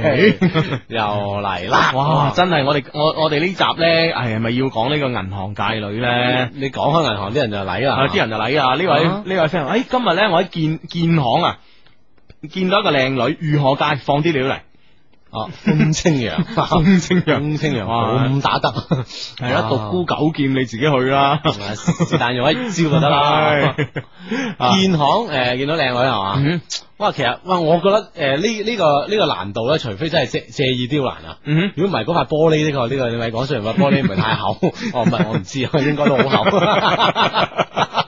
又嚟啦！哇，真係我哋我我哋呢集咧，係咪要講呢個銀行界女咧？你講開銀行啲人就嚟啊，啲人就嚟啊！呢位呢位 friend，誒，今日咧我。見見行啊，見到一個靚女，如何街放啲料嚟，哦，風清揚，風清揚，風清揚，好咁打得係啦，獨孤九劍你自己去啦，是但用一招就得啦。見行誒，見到靚女係嘛，哇，其實哇，我覺得誒呢呢個呢個難度咧，除非真係借借意刁難啊，如果唔係嗰塊玻璃，呢個呢個你咪講，雖然塊玻璃唔係太厚，哦唔係我唔知，應該都好厚。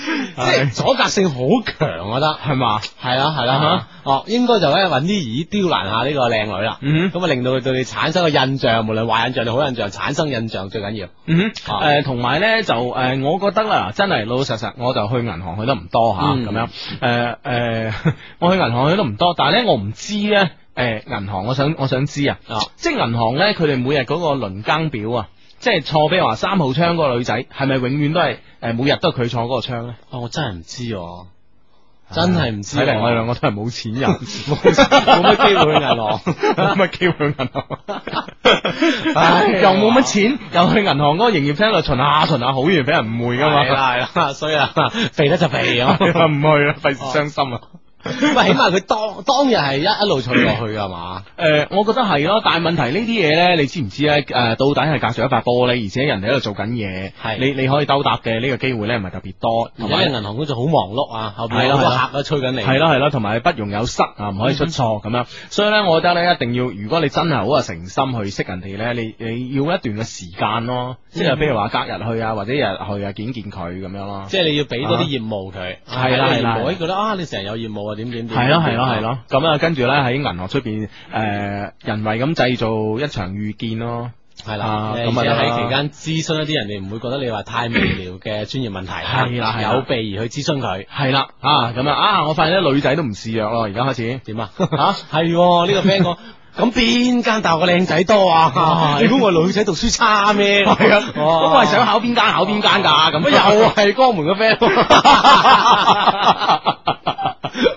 即係阻隔性好強，我覺得係嘛？係啦係啦，的的哦，應該就咧揾啲咦刁難下呢個靚女啦，咁啊、嗯、哼令到佢對你產生個印象，無論壞印象定好印象，產生印象最緊要。嗯誒哼，同埋咧就誒，我覺得啦，真係老老實實，我就去銀行去得唔多吓，咁、嗯、樣，誒、呃、誒、呃，我去銀行去得唔多，但係咧我唔知咧，誒、呃，銀行我想我想，我想知啊，即係銀行咧，佢哋每日嗰個輪更表啊。即係坐比如話三號窗嗰個女仔，係咪永遠都係誒，每日都係佢坐嗰個窗咧？哦，我真係唔知，真係唔知。睇嚟我哋兩個都係冇錢人，冇冇乜機會去銀行，冇乜機會去銀行，又冇乜錢，又去銀行嗰個營業廳度巡下巡下，好易俾人誤會噶嘛。係啦係啦，所以肥得就肥咁，唔去啦，費事傷心啊！喂，起碼佢當當日係一一路吹落去㗎嘛？誒，我覺得係咯，但係問題呢啲嘢咧，你知唔知咧？誒，到底係隔住一塊玻璃，而且人哋喺度做緊嘢，係你你可以兜搭嘅呢個機會咧，唔係特別多。而家人銀行嗰度好忙碌啊，後邊好多客都催緊你。係咯係咯，同埋不容有失啊，唔可以出錯咁樣。所以咧，我覺得咧，一定要如果你真係好啊誠心去識人哋咧，你你要一段嘅時間咯，即係比如話隔日去啊，或者日去啊，見見佢咁樣咯。即係你要俾多啲業務佢。係啦係啦，唔覺得啊，你成日有業務。點點點係咯，係咯，係咯，咁啊跟住咧，喺銀行出邊誒，人為咁製造一場遇見咯，係啦，咁啊喺期間諮詢一啲人哋唔會覺得你話太無聊嘅專業問題，係啦、 <coughs> 嗯、有備而去諮詢佢，係啦啊咁啊，啊我發現啲女仔都唔示弱咯，而家開始點啊吓，係呢個 friend 講咁邊間大學嘅靚仔多啊， <laughs> 啊你估我女仔讀書差咩？係咁我係想考邊間考邊間噶，咁又係江門嘅 friend。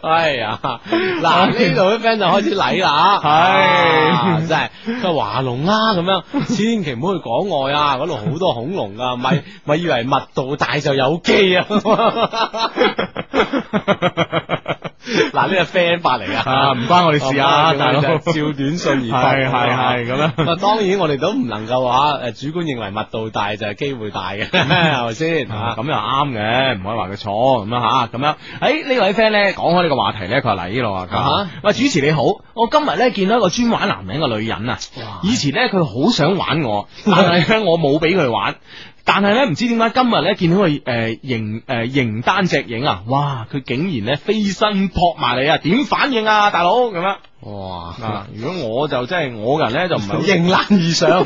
哎呀，嗱呢度啲 friend 就開始嚟啦、啊，係對、啊，真係佢話華龍啦咁樣，千祈唔好去港外啊，嗰度好多恐龍啊，咪咪以為密度大就有機啊，嗱呢個 friend 發嚟啊，唔關我哋事啊，但係、啊啊、照短信而發、啊，係係係咁樣，咁、啊、當然我哋都唔能夠話誒主觀認為密度大就係機會大嘅，係、啊、咪先？咁、啊啊、又啱嘅，唔可以話佢錯咁樣吓，咁、啊、樣，誒、欸、呢位 friend 咧講開呢個。話題呢，佢話嚟呢度。喂，主持你好，我今日呢見到一個專玩男人嘅女人啊。以前呢，佢好想玩我，但係呢，我冇俾佢玩。但係呢，唔知點解今日呢見到個誒形誒形單隻影啊！哇，佢竟然呢飛身撲埋你啊！點反應啊，大佬咁哇啊？哇！如果我就真係、就是、我嘅人呢，就唔係迎難而上、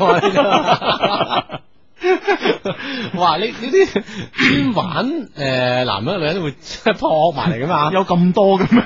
啊。 <laughs> <laughs> 哇！你你啲邊 <laughs> 玩？誒、呃，男人女人都會即係撲埋嚟噶嘛？ <laughs> 有咁多嘅咩？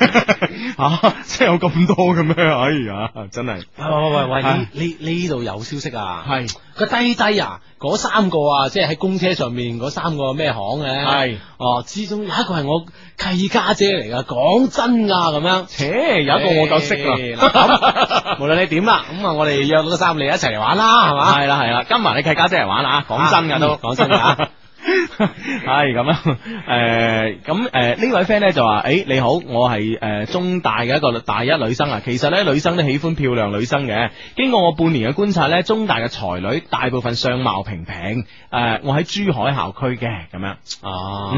吓，即係有咁多嘅咩？哎呀，真係、啊！喂喂喂喂，呢呢度有消息啊？係個是低低啊！嗰三個啊，即係喺公車上面嗰三個咩行嘅？係哦，之中有一個係我契家姐嚟噶，講真噶咁樣，切，有一個我夠識嘅。咁無論你點啦，咁啊，我哋約到三你一齊嚟玩啦，係嘛？係啦係啦，跟埋你契家姐嚟玩啊！講真噶都講真噶。係咁樣，誒，咁誒呢位 friend 咧就話：誒你好，我係誒中大嘅一個大一女生啊。其實咧女生都喜歡漂亮女生嘅。經過我半年嘅觀察咧，中大嘅才女大部分相貌平平。誒，我喺珠海校區嘅咁樣。哦，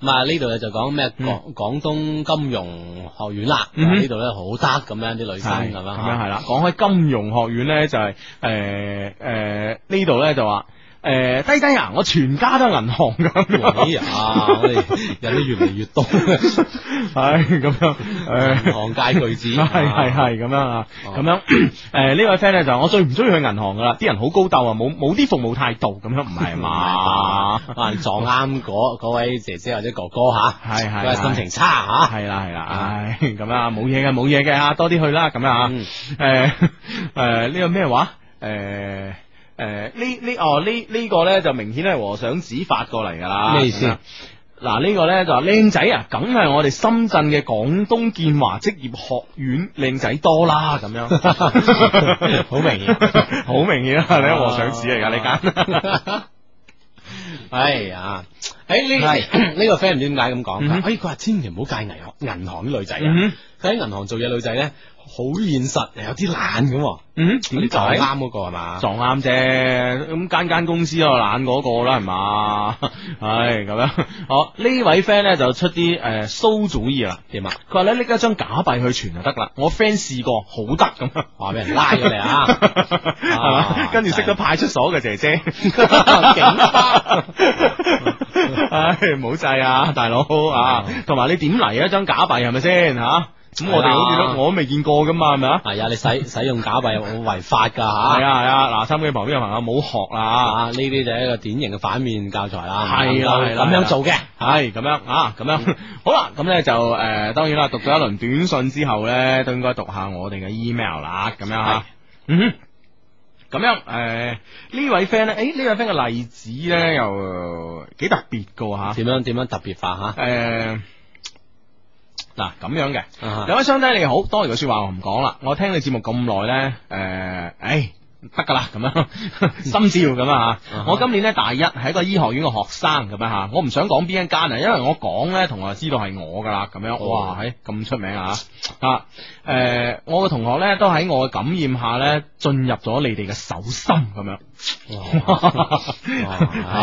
咁啊呢度咧就講咩廣廣東金融學院啦。嗯哼，呢度咧好得咁樣啲女生咁樣。係啦，講開金融學院咧就係誒誒呢度咧就話。誒、呃，低低啊！我全家都係銀行㗎。哎我哋人咧越嚟越多，唉、 <laughs> <laughs> 哎，咁樣，銀、哎、 <laughs> 行界巨子，係係係咁樣，樣、呃這個、樣 <laughs> 啊，咁樣誒，呢位 friend 咧就我最唔中意去銀行噶啦，啲人好高斗啊，冇冇啲服務態度，咁樣唔係嘛，撞啱嗰位姐姐或者哥哥吓，係、啊、係，佢、 <laughs> 啊 <laughs> 啊、心情差吓，係啦係啦，唉、 <laughs> 啊，咁啊冇嘢嘅冇嘢嘅吓，多啲去啦咁樣啊，誒誒呢個咩話誒？誒，呢呢哦呢呢個咧就明顯咧係和尚子發過嚟噶啦。咩意思？嗱呢個咧就話靚仔啊，梗係我哋深圳嘅廣東建華職業學院靚仔多啦，咁樣。好明顯，好明顯，你係和尚子嚟噶你間。哎呀，誒呢呢個 friend 點解咁講？哎，佢話千祈唔好介意銀行銀行啲女仔啊，佢喺銀行做嘢女仔咧。好現實，有啲懶咁，嗯，咁就啱嗰個係嘛？撞啱啫，咁間間公司都懶嗰個啦，係嘛？唉，咁樣，好呢位 friend 咧就出啲誒餿主意啦，點啊？佢話咧拎一張假幣去存就得啦，我 friend 試過好得咁，話俾人拉咗你啊，跟住識咗派出所嘅姐姐，警察，冇晒啊，大佬啊，同埋你點嚟一張假幣係咪先吓？咁、 <noise> 嗯、我哋好似都我都未見過噶嘛，係咪啊？係啊，你使使用假幣好違法噶吓。係啊係啊，嗱，參嘅旁邊朋友唔好學啊！吓，呢啲就係一個典型嘅反面教材啦。係啦係啦，咁樣做嘅，係咁樣啊，咁樣、啊、 <laughs> 好啦。咁咧就誒、呃，當然啦，讀咗一輪短信之後咧，都應該讀下我哋嘅 email 啦、啊。咁的樣吓，嗯、呃，哼，咁樣誒，呢位 friend 咧，誒，呢位 friend 嘅例子咧又幾特別噶吓。點、啊、樣點樣特別化吓？誒、啊。呃嗱，咁樣嘅，兩位商姐，huh. 你好，多餘嘅說話我唔講啦。我聽你節目咁耐呢，誒、呃，哎，得噶啦，咁樣心照咁樣吓。uh huh. 我今年呢，大一，係一個醫學院嘅學生咁樣吓，我唔想講邊一間啊，因為我講呢，同學知道係我噶啦，咁樣哇，哎，咁出名啊，啊，誒、呃，我嘅同學呢，都喺我嘅感染下呢，進入咗你哋嘅手心咁樣。吓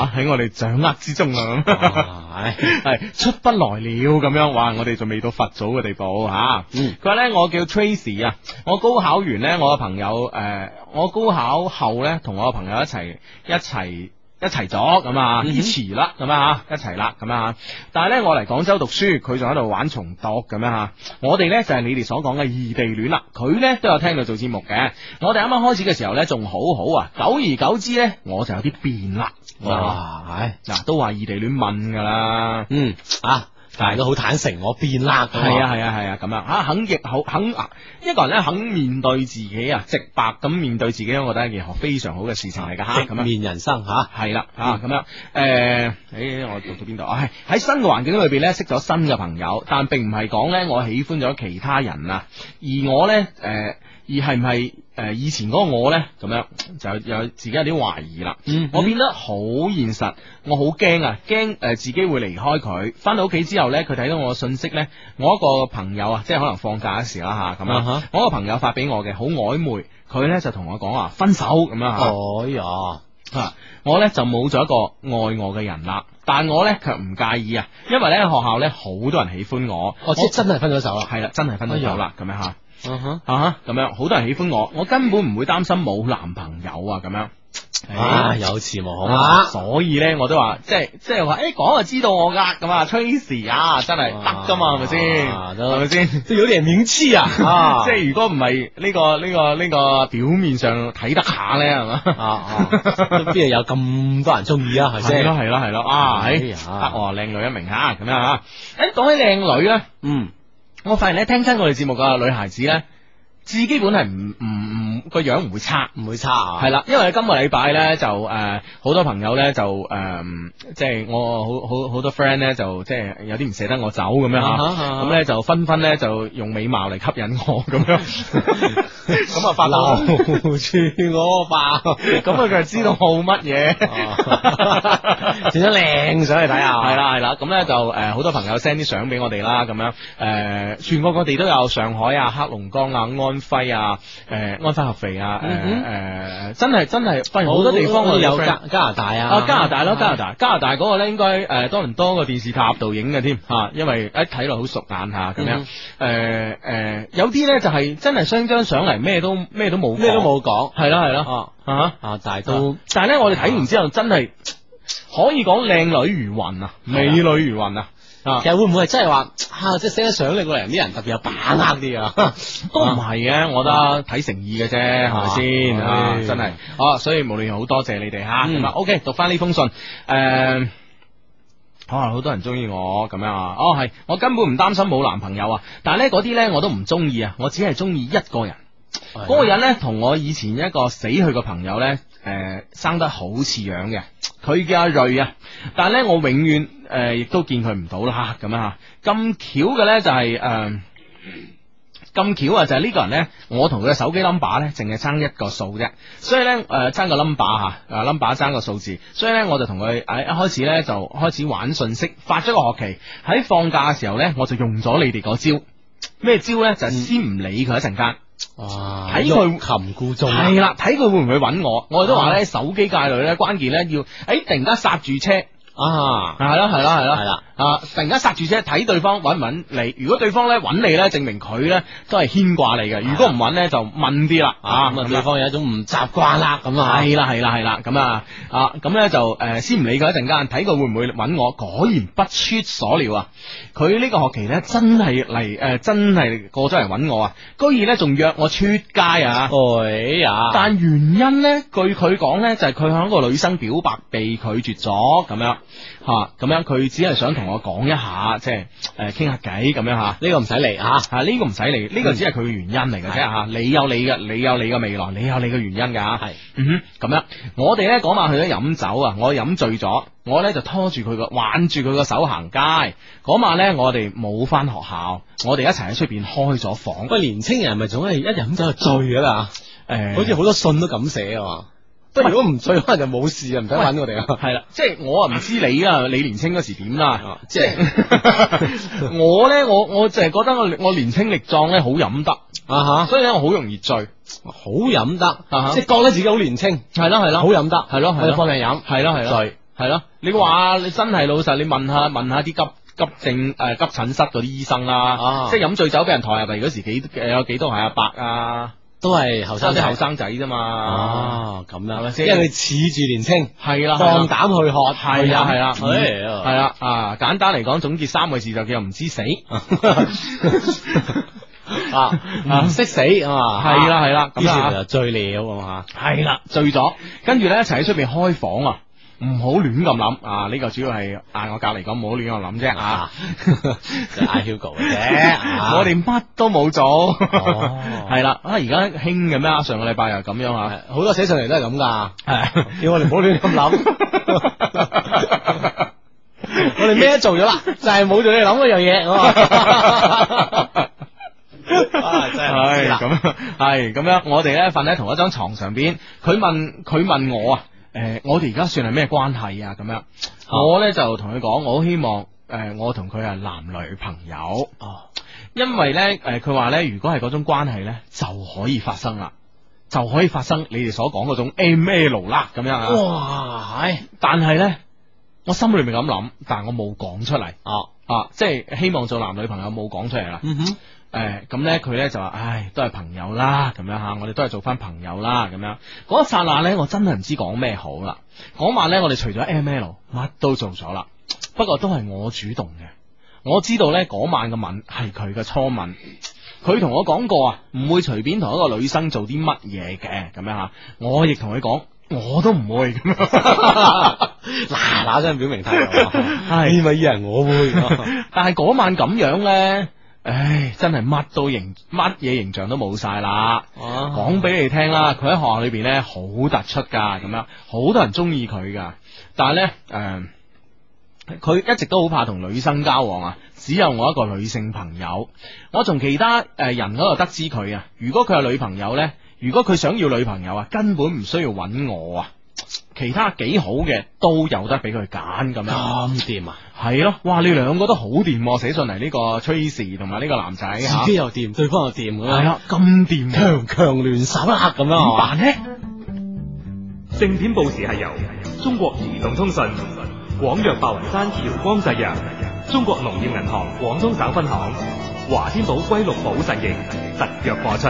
喺 <laughs> 我哋掌握之中啊，咁係、哎、 <laughs> 出不來了咁樣，哇！我哋仲未到佛祖嘅地步吓。啊、嗯，佢話咧，我叫 Tracy 啊，我高考完咧，我嘅朋友誒、呃，我高考後咧，同我嘅朋友一齊一齊。一齊咗咁啊，遲啦咁啊，嗯、一齊啦咁啊，但係呢，我嚟廣州讀書，佢仲喺度玩重讀咁樣吓，我哋呢，就係、是、你哋所講嘅異地戀啦，佢呢，都有聽到做節目嘅，我哋啱啱開始嘅時候呢，仲好好啊，久而久之呢，我就有啲變啦，哇，係，嗱都話異地戀問噶啦，嗯啊。但係，都好坦誠，我變啦，係啊，係啊，係啊，咁樣，肯亦好，肯一個人咧，肯面對自己啊，直白咁面對自己，我覺得係一件非常好嘅事情嚟噶吓，咁樣面人生吓，係啦，啊，咁樣，誒、啊，誒、呃欸，我讀到邊度？喺、啊、新嘅環境裏邊咧，識咗新嘅朋友，但並唔係講咧，我喜歡咗其他人啊，而我咧，誒、呃。而係唔係誒，以前嗰個我呢？咁樣就有自己有啲懷疑啦。嗯嗯、我變得好現實，我好驚啊，驚誒自己會離開佢。翻到屋企之後呢，佢睇到我信息呢，我一個朋友啊，即係可能放假嗰時啦吓，咁啊吓哈，我一個朋友發俾我嘅，好曖昧，佢呢就同我講話分手咁樣吓、哦啊。我呢就冇咗一個愛我嘅人啦，但我呢，卻唔介意啊，因為呢學校呢，好多人喜歡我。哦，我真係分咗手啦。係啦，真係分咗手啦，咁樣吓。啊啊咁樣好多人喜歡我，我根本唔會擔心冇男朋友啊，咁樣，唉有恃無恐，所以咧我都話，即係即係話，誒講就知道我噶咁啊，Tracy 啊真係得噶嘛，係咪先？係咪先？即係有啲人面痴啊，即係如果唔係呢個呢個呢個表面上睇得下咧，係嘛啊啊，邊係有咁多人中意啊，係咪先？係咯係咯係咯，啊喺哦靚女一名吓，咁樣吓，誒講起靚女咧，嗯。我發現咧，聽親我哋節目嘅女孩子咧，自己本係唔唔唔。個樣唔會差，唔會差啊！係啦，因為今個禮拜咧就誒，好多朋友咧就誒，即係我好好好多 friend 咧就即係有啲唔捨得我走咁樣，咁咧就紛紛咧就用美貌嚟吸引我咁樣，咁啊發嬲，我話咁佢係知道好乜嘢，整咗靚相嚟睇下，係啦係啦，咁咧就誒，好多朋友 send 啲相俾我哋啦，咁樣誒，全國各地都有，上海啊、黑龍江啊、安徽啊、誒安徽。合肥啊，誒誒、嗯呃、真係真係，反而好多地方都有 riend，加加拿大啊，加拿大咯，加拿大，加拿大嗰個咧，應該誒多倫多個電視塔度影嘅添吓，因為誒睇落好熟眼吓，咁樣誒誒，有啲咧就係、是、真係雙張相嚟，咩都咩都冇，咩都冇講，係咯係咯，吓吓啊，啊大係都，啊、但係咧我哋睇完之後，真係可以講靚女如雲啊，美女如雲啊。啊，其實會唔會係真係話啊，即係寫得上你個人啲人特別有把握啲啊？都唔係嘅，我覺得睇誠、啊、意嘅啫，係咪先？是是啊真係，哦，所以無論好多謝你哋吓。咁、嗯、啊，OK，讀翻呢封信，誒、啊，可能好多人中意我咁樣啊。哦，係，我根本唔擔心冇男朋友啊，但係咧啲咧我都唔中意啊，我只係中意一個人。嗰個人呢，同我以前一個死去嘅朋友呢，誒、呃，生得好似樣嘅。佢叫阿銳啊，但係咧，我永遠誒亦都見佢唔到啦。咁樣啊，咁巧嘅呢，就係、是、誒，咁、呃、巧啊。就係呢個人呢，我同佢嘅手機 number 呢，淨係差一個數啫。所以呢，誒、呃，差個 number 吓，number 差個數字，所以呢，我就同佢誒一開始呢，就開始玩信息，發咗個學期喺放假嘅時候呢，我就用咗你哋嗰招咩招呢？就先、是、唔理佢一陣間。啊，睇佢擒故縱，係啦！睇佢會唔會揾我？我哋都話咧，啊、手機界裏咧，關鍵咧要，誒、哎！突然間剎住車啊！係啦，係啦，係咯，係啦。啊！突然間刹住車，睇對方揾唔揾你，如果對方揾你呢，證明佢呢都係牽掛你嘅。如果唔揾呢，就問啲啦。啊，咁啊，嗯、對方有一種唔習慣啦。咁啊，係啦，係啦，係啦。咁啊，啊，咁呢就誒、呃，先唔理佢一陣間，睇佢會唔會揾我。果然不出所料啊，佢呢個學期呢，真係嚟誒，真係過咗嚟揾我啊，居然呢仲約我出街啊。哎呀！但原因呢，據佢講呢，就係佢向一個女生表白被拒絕咗，咁樣。吓咁 <music> 樣，佢只係想同我講一下，即係誒傾下偈咁樣吓，呢個唔使理吓，啊呢個唔使理，呢、這個嗯、個只係佢嘅原因嚟嘅啫吓，你有你嘅，你有你嘅未來，你有你嘅原因噶係是的、嗯、哼咁樣。我哋呢，嗰晚去咗飲酒啊，我飲醉咗，我呢就拖住佢個挽住佢個手行街。嗰是的 晚呢，我哋冇翻學校，我哋一齊喺出邊開咗房。喂，年輕人咪總係一飲酒就醉噶啦，誒，嗯、好似好多信都咁寫啊。 <music> 如果唔醉可能就冇事啊，唔使揾我哋啊。係啦，即係我啊唔知你啊，你年青嗰時點啦。即係我咧，我我淨係覺得我我年青力壯咧，好飲得啊吓。所以咧，我好容易醉，好飲得，即係覺得自己好年青，係咯係咯，好飲得，係咯。我哋放飲，係咯係咯，醉，係咯。你話你真係老實，你問下問下啲急急症誒急診室嗰啲醫生啦，即係飲醉酒俾人抬入嚟嗰時幾有幾多係阿伯啊？都係後生，啲後生仔啫嘛。咁啦、啊，係咪先？因為佢恃住年青，係啦的，放膽去學，係啊的，係啊，係啦。啊，簡單嚟講，總結三個字就叫唔知死 <laughs> 啊，啊，唔識 <laughs> 死啊，係啦，係啦。於是就是醉了是醉了，係嘛？係啦，醉咗，跟住咧一齊喺出邊開房。啊。唔好亂咁諗啊！呢個主要係嗌我隔籬講唔好亂咁諗啫啊！就嗌 Hugo 嘅啫，我哋乜都冇做，係啦啊！而家興嘅咩？上個禮拜又咁樣啊，好多寫上嚟都係咁噶，係叫我哋唔好亂咁諗。我哋咩都做咗啦，就係冇做你諗嗰樣嘢。啊，真係啦，咁係咁樣，我哋咧瞓喺同一張床上邊，佢問佢問我啊。誒、呃，我哋而家算係咩關係啊？咁樣，啊、我呢就同佢講，我希望誒、呃，我同佢係男女朋友哦。啊、因為呢，誒、呃，佢話呢，如果係嗰種關係呢，就可以發生啦，就可以發生你哋所講嗰種 M L 啦，咁樣哇，啊、但係咧，我心裏邊咁諗，但我冇講出嚟啊啊，即係、啊啊就是、希望做男女朋友冇講出嚟啦。嗯哼。誒，咁咧佢咧就話，唉，都係朋友啦，咁樣吓，我哋都係做翻朋友啦，咁樣。嗰一剎那咧，我真係唔知講咩好啦。嗰晚咧，我哋除咗 M L，乜都做咗啦。不過都係我主動嘅。我知道咧，嗰晚嘅吻係佢嘅初吻。佢同我講過啊，唔會隨便同一個女生做啲乜嘢嘅。咁樣吓，我亦同佢講，我都唔會。嗱嗱，真係表明態度，係咪以為我會， <laughs> 但係嗰晚咁樣咧。唉，真係乜都形乜嘢形象都冇晒啦！講俾你聽啦，佢喺學校裏邊呢，好突出噶咁樣好多人中意佢噶但係呢，誒，佢一直都好怕同女生交往啊。只有我一個女性朋友，我從其他誒人嗰度得知佢啊。如果佢有女朋友呢，如果佢想要女朋友啊，根本唔需要揾我啊。其他幾好嘅，都有得俾佢揀，咁樣，掂啊，係咯的，哇，你兩個都好掂，啊，寫信嚟，呢個 Tracy 同埋呢個男仔，自己又掂，啊，對方又掂，係啊，咁掂，強強聯手啦，咁樣，點辦呢？正點報時係由中國移動通信、廣藥白雲山、僑光製藥、中國農業銀行廣東省分行、華天寶歸綠寶石型特約播出。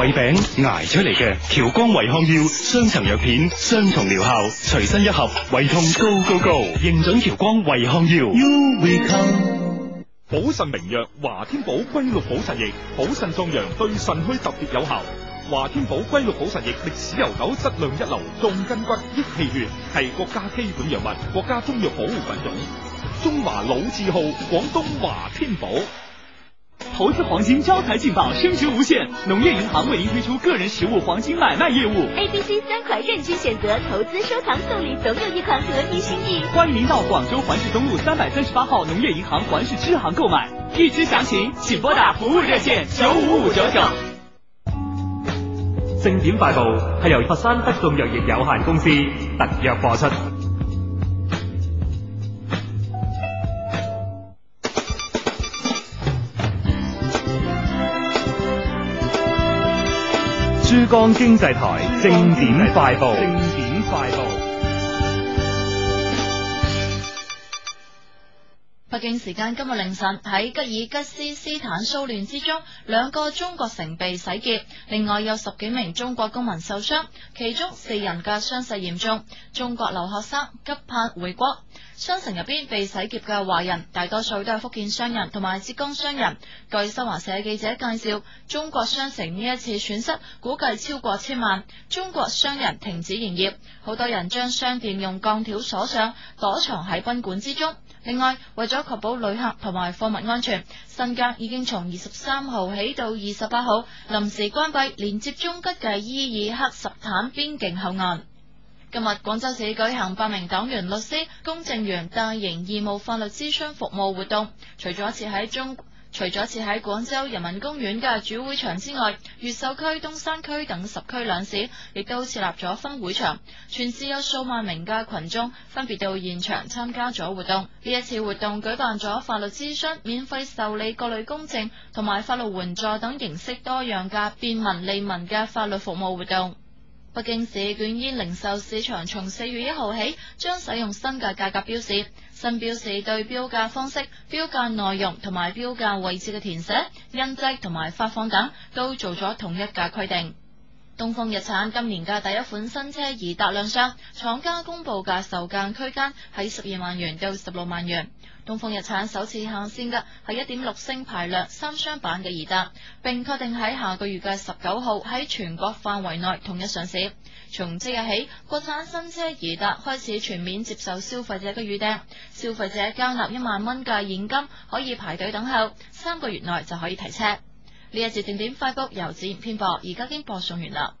胃病捱出嚟嘅，喬光胃康藥雙層藥片，雙重療效，隨身一盒，胃痛 go go go, go。認準喬光胃康藥。You welcome。補腎名藥華天寶龜鹿補腎液，補腎壯陽，對腎虛特別有效。華天寶龜鹿補腎液歷史悠久，質量一流，壯筋骨，益氣血，係國家基本藥物，國家中藥保護品種。中華老字號，廣東華天寶。投資黃金招財進寶，升值無限。農業銀行為您推出個人實物黃金買賣業務，A、B、C 三款任君選擇，投資、收藏、送禮，總有一款合您心意。歡迎您到廣州環市東路三百三十八號農業銀行環市支行購買，欲知詳情，請撥打服務熱線九五五九九。正點播報係由佛山德眾藥業有限公司特約播出。珠江經濟台正點快報，正點快報。北京時間今日凌晨喺吉爾吉斯斯坦騷亂之中，兩個中國城被洗劫，另外有十幾名中國公民受傷，其中四人嘅傷勢嚴重，中國留學生急盼回國。商城入邊被洗劫嘅華人，大多數都係福建商人同埋浙江商人。據新華社記者介紹，中國商城呢一次損失估計超過千萬，中國商人停止營業，好多人將商店用鋼條鎖上，躲藏喺賓館之中。.另外，為咗確保旅客同埋貨物安全，新疆已經從二十三號起到二十八號臨時關閉連接中吉嘅伊爾克什坦邊境口岸。今日廣州市舉行百名黨員、律師、公證員大型義務法律諮詢服務活動，除咗一次喺中。除咗設喺廣州人民公園嘅主會場之外，越秀區、東山區等十區兩市亦都設立咗分會場，全市有數萬名嘅群眾分別到現場參加咗活動。呢一次活動舉辦咗法律諮詢、免費受理各類公證同埋法律援助等形式多樣嘅便民利民嘅法律服務活動。北京市捲煙零售市場從四月一號起將使用新嘅價格標示。更表示對標價方式、標價內容同埋標價位置嘅填寫、印製同埋發放等，都做咗統一嘅規定。東風日產今年嘅第一款新車宜達亮相，廠家公布嘅售價區間喺十二萬元到十六萬元。東風日產首次下線嘅係一點六升排量三廂版嘅宜達，並確定喺下個月嘅十九號喺全國範圍內統一上市。從即日起，國產新車宜達開始全面接受消費者嘅預訂，消費者交納一萬蚊嘅現金，可以排隊等候三個月內就可以提車。呢一節定點快播由專業編播，而家已經播送完啦。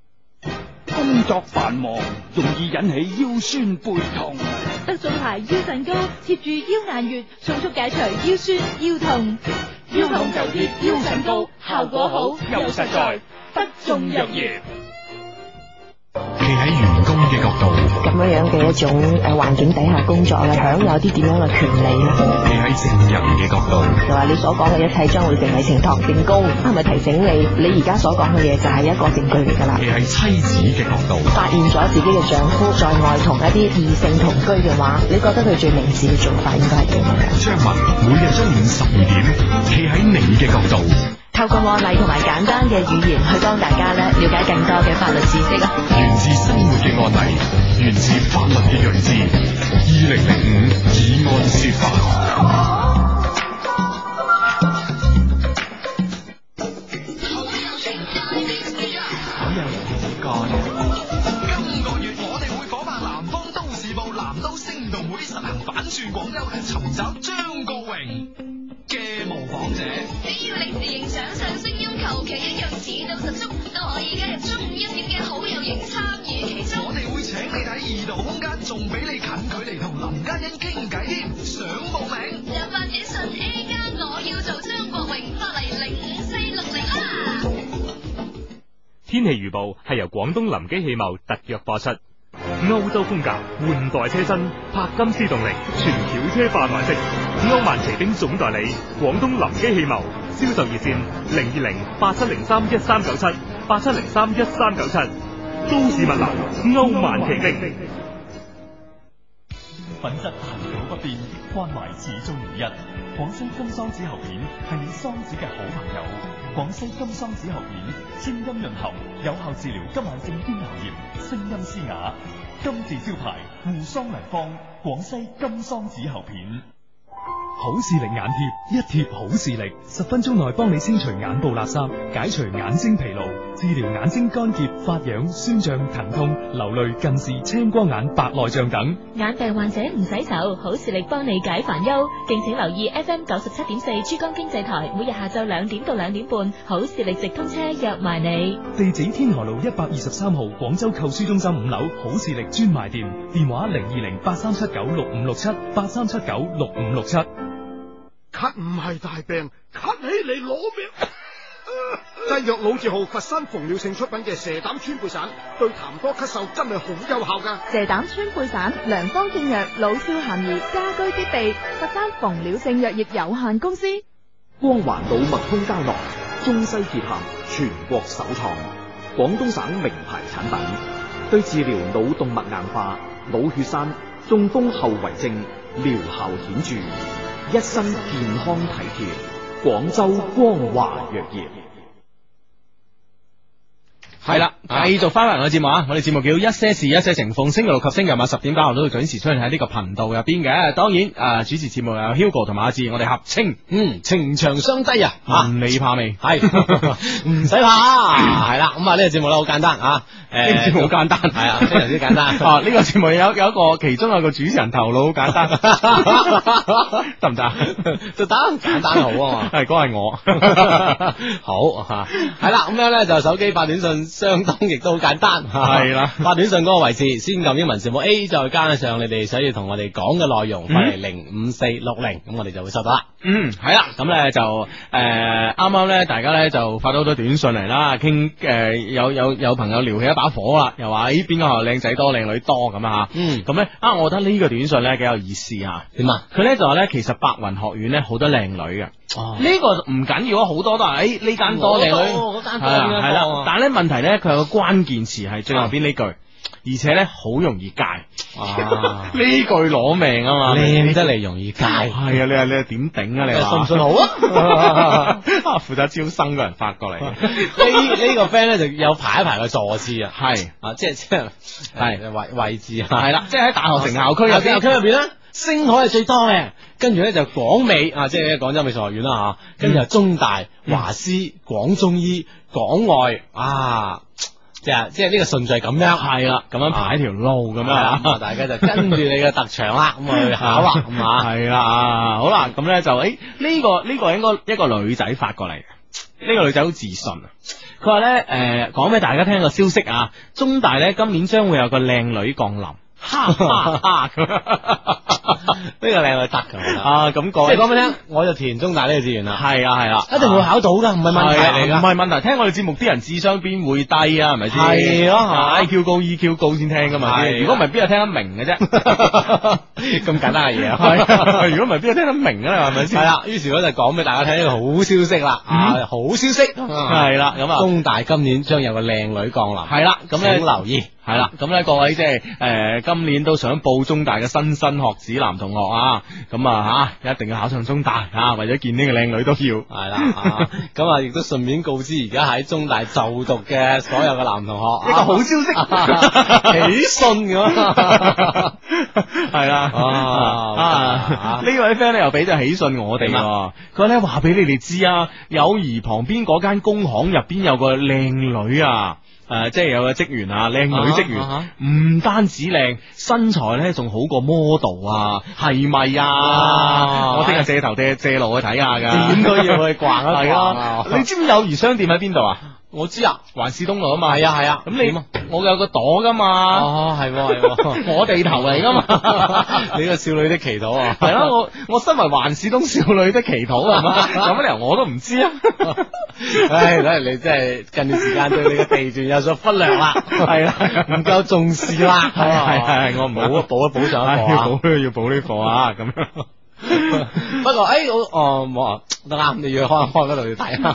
工作繁忙，容易引起腰酸背痛，得眾牌腰腎膏貼住腰眼穴，迅速解除腰酸腰痛，腰痛就貼腰腎膏效果好又實在，得眾藥業。企喺員工嘅角度，咁樣樣嘅一種誒、呃、環境底下工作，佢享有啲點樣嘅權利咧？企喺證人嘅角度，就話你所講嘅一切將會成為呈堂證供，係咪提醒你，你而家所講嘅嘢就係一個證據嚟噶啦？企喺妻子嘅角度，發現咗自己嘅丈夫在外同一啲異性同居嘅話，你覺得佢最明智嘅做法應該係點樣？張文，每日中午十二點，企喺你嘅角度。透過案例同埋簡單嘅語言去幫大家咧，了解更多嘅法律知識啊！源自生活嘅案例，源自法律嘅睿智。二零零五以案說法。好有情，今個月我哋會訪問南方都市報南都星動會，實行反轉廣州，尋找張國榮。嘅模仿者，只要你字型、長相、聲音、求其一樣似到十足，都可以加入中午一點嘅好友營參與其中。我哋會請你睇《異度空間》，仲俾你近距離同林嘉欣傾偈添。想報名，入或者發短信 A 加，我要做張國榮，發嚟零五四六零啦。天氣預報係由廣東林機氣貿特約播出。歐洲風格，換代車身，帕金斯動力，全轎車化內飾。歐曼奇兵總代理，廣東林基汽貿，銷售熱線：零二零八七零三一三九七八七零三一三九七。都市物流，歐曼奇兵。品質恆久不變，關懷始終如一。廣西金桑子喉片係你桑子嘅好朋友。廣西金桑子喉片，清音潤喉，有效治療急慢性咽喉炎，聲音嘶啞。金字招牌，護嗓良方，廣西金嗓子喉片。好視力眼貼，一貼好視力，十分鐘內幫你清除眼部垃圾，解除眼睛疲勞，治療眼睛乾澀、發癢、酸脹、疼痛、流淚、近視、青光眼、白內障等。眼病患者唔洗手，好視力幫你解煩憂。敬請留意 FM 九十七點四珠江經濟台，每日下晝兩點到兩點半，好視力直通車約埋你。地址：天河路一百二十三號廣州購書中心五樓好視力專賣店，電話零二零八三七九六五六七八三七九六五六。七咳，咳唔係大病，咳起嚟攞命。製藥老字號佛山馮了性出品嘅蛇膽川貝散，對痰多咳嗽真係好有效噶。蛇膽川貝散，良方正藥，老少咸宜，家居必備。佛山馮了性藥業有限公司。光環腦脈通膠囊，中西結合，全國首創，廣東省名牌產品，對治療腦動脈硬化、腦血栓、中風後遺症。療效顯著，一身健康體貼，廣州光華藥業。係啦，繼續翻嚟我嘅節目啊！我哋節目叫一些事一些情，逢星期六及星期日晚十點三號都會準時出現喺呢個頻道入邊嘅。當然，啊主持節目有 Hugo 同馬志，我哋合稱，嗯，情場相低啊，唔怕未？係唔使怕，係啦。咁啊呢個節目咧好簡單啊，誒，節目好簡單，係啊，非常之簡單。哦，呢個節目有有一個其中有個主持人頭腦好簡單，得唔得？就得，簡單好啊嘛。係，哥係我，好吓，係啦。咁樣咧就手機發短信。相當亦都好簡單，係啦的。 <laughs> 發短信嗰個位置，先撳英文字母 A，再加上你哋想要同我哋講嘅內容，嚟零五四六零，咁我哋就會收到啦。嗯，係啦，咁咧就誒，啱啱呢大家呢就發咗好多短信嚟啦，傾誒，有有有朋友聊起一把火啦，又話，咦，邊個學校靚仔多，靚女多咁啊吓？嗯，咁咧啊，我覺得呢個短信呢幾有意思吓。點啊樣？佢呢就話呢，其實白雲學院呢好多靚女嘅。呢個唔緊要啊，好多都係呢間多嚟，係啦，係啦。但係咧問題咧，佢有個關鍵詞係最後邊呢句，而且咧好容易戒。哇！呢句攞命啊嘛，你得嚟容易戒。係啊，你啊你啊點頂啊？你信唔信好啊？負責招生嘅人發過嚟。呢呢個 friend 咧就有排一排嘅坐姿啊。係啊，即係即係，係位位置係啦，即係喺大學城校區入邊啦。星海係最多嘅，跟住呢就廣美啊，即係廣州美術學院啦吓，跟住就中大華師廣中醫廣外啊，就即係呢個順序咁樣，係啦、啊，咁樣排條路咁樣，啊啊啊啊，大家就跟住你嘅特長啦，咁 <laughs> 去考啦，咁啊係啦、啊啊，好啦，咁呢就誒呢、欸這個呢、這個應該一個女仔發過嚟，呢、這個女仔好自信啊，佢話呢誒講俾大家聽個消息啊，中大呢今年將會有個靚女降臨，哈。哈哈哈哈哈哈哈哈呢個靚女得噶，啊咁講，即係講俾聽，我就填中大呢個志願啦，係啊係啦，一定會考到噶，唔係問題嚟噶，唔係問題。聽我哋節目啲人智商邊會低啊？係咪先？係咯，I Q 高 E Q 高先聽噶嘛，如果唔係邊個聽得明嘅啫，咁簡單嘅嘢啊，如果唔係邊個聽得明啊？係咪先？係啦，於是我就講俾大家聽呢個好消息啦，啊，好消息係啦，咁啊，中大今年將有個靚女降臨，係啦，咁你請留意，係啦，咁咧各位即係誒，今年都想報中大嘅新生學子。啲男同學啊，咁啊吓、啊，一定要考上中大啊，為咗見呢個靚女都要係啦，咁啊亦都順便告知而家喺中大就讀嘅所有嘅男同學、啊、一個好消息，喜訊咁，係啦啊，呢位 friend 咧又俾咗喜訊我哋，佢咧話俾你哋知，啊，友誼旁邊嗰間工行入邊有個靚女啊。誒、呃，即係有個職員啊，靚女職員，吓、啊，唔、啊、單止靚，身材咧仲好過 model 啊，係咪啊？哇我聽日借頭借借路去睇下噶，點都要去逛一逛。 <laughs> 你知唔知友誼商店喺邊度啊？我知環啊，環市東路啊嘛，係啊係啊，咁你我有個朵噶嘛，哦係係，啊啊、 <laughs> 我地頭嚟噶嘛， <laughs> 你個少女的祈禱、啊，係 <laughs> 啦、啊，我我身為環市東少女的祈禱啊，嘛，咁乜嘢我都唔知啊，唉、 <laughs> <laughs> 哎，睇你真係近段時間對你嘅地段有所忽略啦，係啦，唔夠重視啦，係係係，我唔好補一補上一課，補要補呢課啊，咁樣。 <laughs> 不過誒、哎，我我都啱，你要開開嗰度要睇下，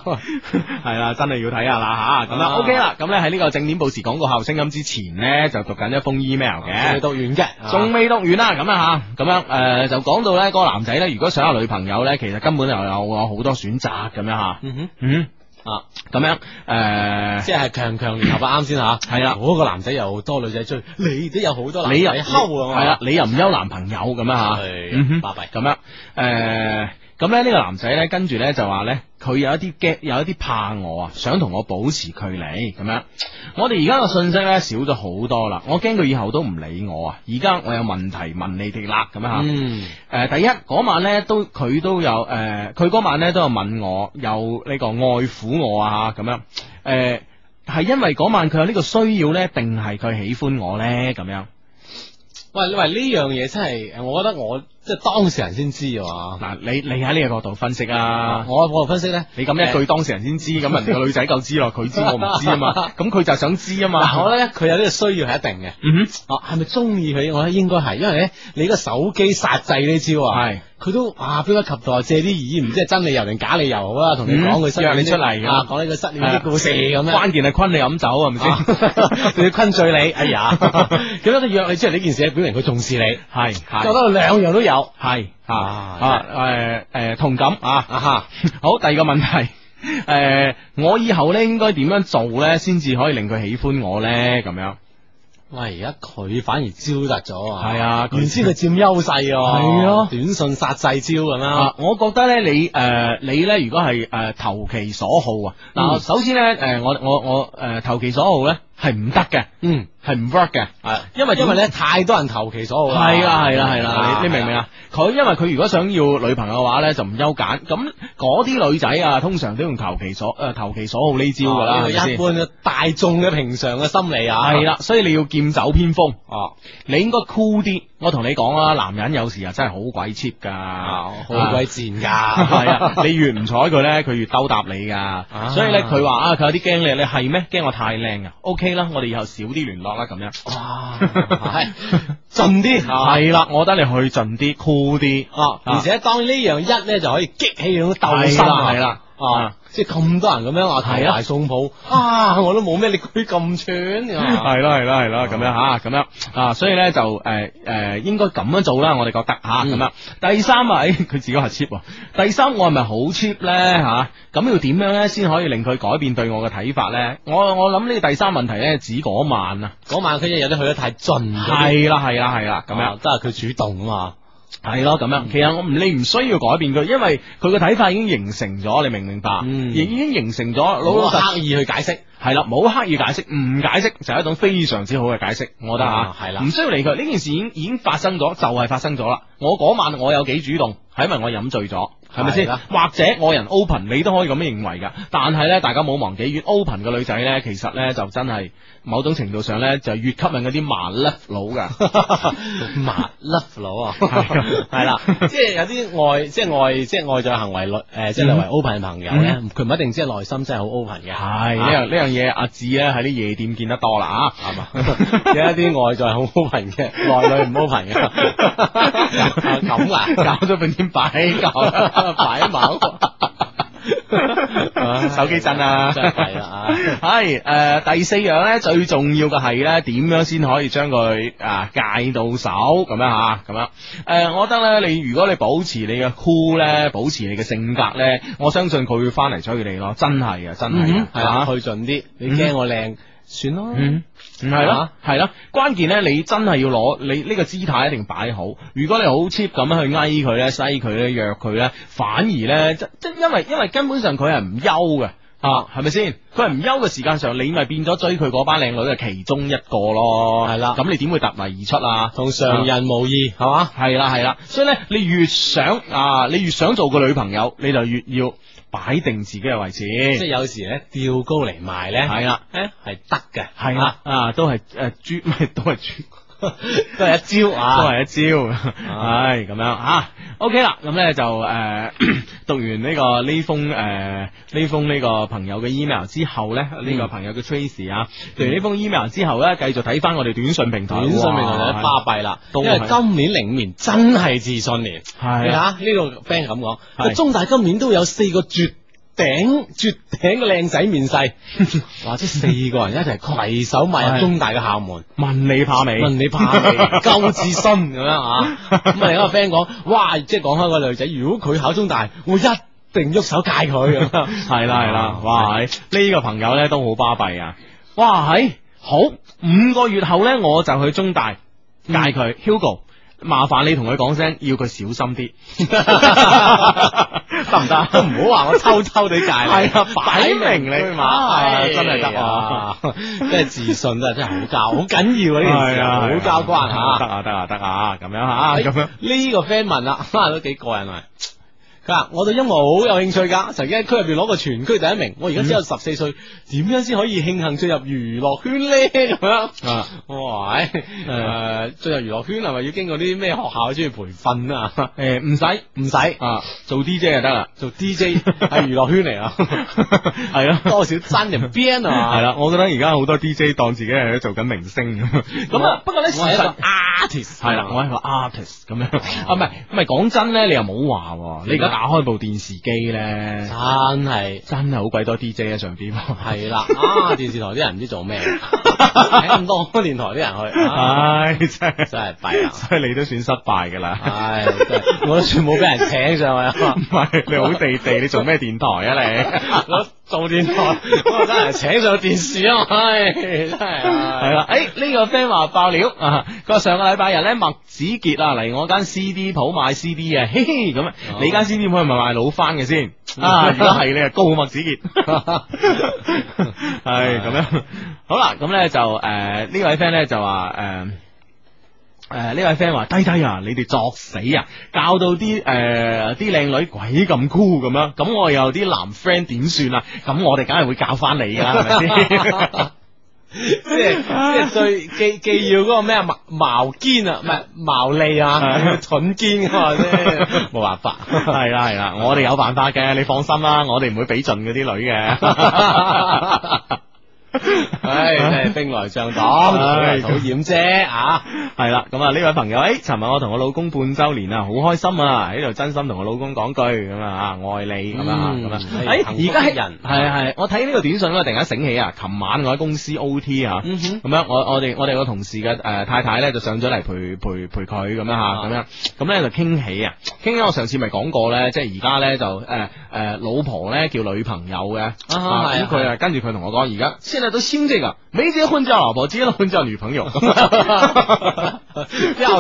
係啦， <laughs> <laughs> 真係要睇下啦吓，咁、啊、啦、啊、，OK 啦，咁咧喺呢個正點報時廣告後聲音之前咧，就讀緊一封 email 嘅，未、啊、讀完啫，仲未、啊、讀完啦，咁啊吓，咁樣誒、呃、就講到咧、那個男仔咧，如果想有女朋友咧，其實根本又有好多選擇咁樣吓，嗯、啊、哼，嗯。嗯呃、強強啊，咁樣，誒， <coughs> 即係強強聯合啱先吓，係啦，我個男仔又多女仔追，你都有好多男仔溝，係啦，你又唔憂男朋友咁樣吓，嗯哼，拜拜，咁樣，誒。咁咧呢個男仔呢，跟住呢就話呢，佢有一啲驚有一啲怕我啊，想同我保持距離咁樣。我哋而家個信息呢少咗好多啦，我驚佢以後都唔理我啊。而家我有問題問你哋啦，咁啊吓。嗯、呃。第一嗰晚呢，都佢都有誒，佢、呃、嗰晚呢都有問我，有呢個愛撫我啊咁樣。誒、呃，係因為嗰晚佢有呢個需要呢，定係佢喜歡我呢？咁樣？喂，你喂，呢樣嘢真係，誒，我覺得我即係當事人先知啊，嗱，你你喺呢個角度分析啊，我我分析咧，你咁一句當事人先知，咁 <laughs> 人哋個女仔夠知咯，佢知我唔知啊嘛，咁佢 <laughs> 就想知啊嘛。我咧，佢有呢個需要係一定嘅。嗯哼，哦，係咪中意佢？我覺得應該係，因為咧你個手機殺制呢招啊。係喏。佢都啊，邊個及待借啲意，唔知係真理由定假理由啊？同你講佢失約你出嚟啊，講呢個失戀的故事咁。關鍵係坤你飲酒係咪先？你要坤醉你，哎呀！咁樣佢約你出嚟呢件事，表明佢重視你，係係。覺得兩樣都有，係啊，誒誒同感啊啊！好，第二個問題，誒我以後咧應該點樣做咧，先至可以令佢喜歡我咧？咁樣。喂，而家佢反而招突咗，係啊，原先佢佔優勢，係啊，啊短信殺細招咁樣、啊。我覺得咧，你誒、呃，你咧如果係誒、呃、投其所好啊，嗱、嗯，首先咧，誒、呃，我我我誒、呃、投其所好咧係唔得嘅，嗯。係唔 work 嘅，係因為因為咧太多人投其所好，係啦係啦係啦，你你明唔明啊？佢因為佢如果想要女朋友嘅話咧，就唔憂揀，咁嗰啲女仔啊，通常都用投其所誒投其所好呢招噶啦，一般大眾嘅平常嘅心理啊，係啦，所以你要劍走偏鋒哦，你應該 cool 啲。我同你講啊，男人有時啊真係好鬼 cheap 噶，好鬼賤噶，係啊，你越唔睬佢咧，佢越兜搭你噶，所以咧佢話啊佢有啲驚你，你係咩？驚我太靚啊？OK 啦，我哋以後少啲聯絡。咁樣，哇，係，盡啲，係啦，我覺得你去盡啲，cool 啲，啊，而且當呢樣一咧，就可以激起你嘅鬥心，係啦了，了啊。了即係咁多人咁樣話抬大送鋪，啊，我都冇咩力區咁喘。係咯係咯係咯，咁樣吓，咁、啊、樣啊，所以咧就誒誒、呃呃，應該咁樣做啦，我哋覺得吓咁、啊、樣。第三、哎、ip，第三是是啊，誒，佢自己係 cheap，第三我係咪好 cheap 咧吓？咁要點樣咧先可以令佢改變對我嘅睇法咧？我我諗呢個第三問題咧，指嗰晚啊，嗰晚佢一日都去得太盡。係啦係啦係啦，咁樣都係佢主動啊嘛。係咯，咁樣，其實我唔，你唔需要改變佢，因為佢個睇法已經形成咗，你明唔明白？亦、嗯、已經形成咗，唔好刻意去解釋，係啦，冇刻意解釋，唔解釋就係一種非常之好嘅解釋，我覺得啊，係啦、嗯，唔需要理佢，呢件事已經已經發生咗，的就係發生咗啦。我嗰晚我有幾主動，係因為我飲醉咗，係咪先？的或者我人 open，你都可以咁樣認為噶。但係呢，大家冇忘記，越 open 嘅女仔呢，其實呢，就真係。某種程度上咧，就是、越吸引嗰啲麻甩佬噶， <laughs> 麻甩佬啊，係啦， <laughs> <laughs> 即、就、係、是、有啲外，即、就、係、是、外，即、就、係、是、外在行為內，誒、呃，即係內為 open 嘅朋友咧，佢唔、嗯、一定即係內心真係好 open 嘅。係、啊、呢樣呢樣嘢，阿志咧喺啲夜店見得多啦啊，係嘛？ <laughs> 有一啲外在好 open 嘅，內裏唔 open 嘅，咁啊，搞到變點擺狗 <laughs> 擺一晚。 <laughs> 手機震啊，係啦，係誒，第四樣咧最重要嘅係咧，點樣先可以將佢啊戒到手咁樣吓，咁、啊、樣誒、呃，我覺得咧，你如果你保持你嘅酷咧，保持你嘅性格咧，我相信佢會翻嚟追你咯，真係啊，真係啊，係、嗯、吧去盡啲，你驚我靚？嗯嗯算咯，嗯，係咯，係咯，關鍵咧，你真係要攞你呢個姿態一定擺好。如果你好 cheap 咁去哀佢咧、西佢咧、約佢咧，反而咧，即即因為因為根本上佢係唔憂嘅，啊，係咪先？佢係唔憂嘅時間上，你咪變咗追佢嗰班靚女嘅其中一個咯，係啦。咁你點會突圍而出啊？同常人無異，係嘛？係啦、係啦、係啦。所以咧，你越想啊，你越想做個女朋友，你就越要。擺定自己嘅位置，即係有時咧，吊高嚟賣咧，係啦、啊，誒，係得嘅，係啦、啊，啊，都係誒豬，唔、呃、係都係豬。 <laughs> 都係一招，啊， <laughs> 都係一招，唉， <laughs> 咁樣吓、啊。OK 啦，咁咧就誒、呃， <coughs> 讀完呢個呢封誒呢、呃、封呢個朋友嘅 email 之後咧，呢、嗯、個朋友嘅 Tracy 啊，嗯、讀完呢封 email 之後咧，繼續睇翻我哋短信平台，短信平台都巴閉啦，因為今年零五年真係自信年，係吓呢個 friend 咁講，中大今年都有四個絕。頂絕頂嘅靚仔面世，或者四個人一齊攜手邁入中大嘅校門，問你怕未？問你怕未？夠自信咁樣啊？咁、嗯、啊另一個 friend 講，哇！即係講開個女仔，如果佢考中大，我一定喐手戒佢咁樣。係啦係啦，哇！呢個朋友咧都好巴閉啊！的哇！係好五個月後咧，我就去中大戒佢，Hugo。麻煩你同佢講聲，要佢小心啲，得唔得？唔好話我偷偷地戒。係啊，擺明你去馬，係啊，真係得，啊！咩 <laughs> 自信真係真係好交，好緊要啊呢 <laughs> 件事，好交關吓，得啊得啊得啊，咁樣吓，咁、啊、樣呢、 <laughs> 啊、 <laughs> 個 friend 啊，問啦，都幾過癮啊！ <laughs> 嗱，我對音樂好有興趣噶，曾經喺區入邊攞過全區第一名。我而家只有十四歲，點樣先可以慶幸進入娛樂圈咧？咁樣啊？哇！誒、啊，進入娛樂圈係咪要經過啲咩學校去專業培訓啊？誒、欸，唔使唔使啊做，做 DJ 就得啦，做 DJ 係娛樂圈嚟啊，係啊，多少爭人邊啊？係啦，我覺得而家好多 DJ 當自己係做緊明星咁，啊，啊，不過咧，我喺、啊啊係啦，我係個 artist 咁樣，啊唔係唔係，講真咧，你又冇話，你而家打開部電視機咧，真係真係好鬼多 DJ 喺上邊，係啦，啊電視台啲人唔知做咩，請咁多電台啲人去，唉真係真係弊啊，所以你都算失敗噶啦，唉，我都算冇俾人請上去，唔係你好地地，你做咩電台啊你？做電台，我真係請上電視，哎哎哎哎哎這個，啊！唉，真係係啦，誒，呢個 friend 話爆料啊，佢話上個禮拜日咧，麥子杰啊嚟我間 CD 鋪買 CD 啊。嘿，咁啊，你間 CD 鋪係咪賣老翻嘅先？啊，而家係你啊，高麥子杰，係咁、哎、樣，好啦，咁咧就誒，呃、位呢位 friend 咧就話誒。呃誒，呢、呃、位 friend 話低低啊，你哋作死啊，教到啲誒啲靚女鬼咁 cool 咁樣，咁我又啲男 friend 點算啊？咁我哋梗係會教翻你噶啦，係咪先？即係即係最既既要嗰個咩茅茅堅啊，唔係茅利啊， <laughs> 蠢堅啊，冇 <laughs> <laughs> 辦法，係啦係啦，我哋有辦法嘅，你放心啦，我哋唔會俾盡嗰啲女嘅。 <laughs> <laughs> 唉，係兵來將擋，唉 ett Social，好險啫啊！係啦、mm，咁、hmm. 啊，呢位朋友，誒，尋日我同我老公半周年啊，好開心啊！喺度真心同我老公講句咁啊，愛你咁啊咁啊！誒 ella、uh，而家係人，係係，我睇呢個短信咧，突然間醒起啊，琴晚我喺公司 OT 吓，咁樣我我哋我哋個同事嘅誒太太咧就上咗嚟陪陪陪佢咁樣吓，咁樣咁咧就傾起啊，傾起我上次咪講過咧，即係而家咧就誒誒，老婆咧叫女朋友嘅，咁佢啊跟住佢同我講而家。現在都興這個，沒結婚叫老婆，結了婚叫女朋友，調 <laughs>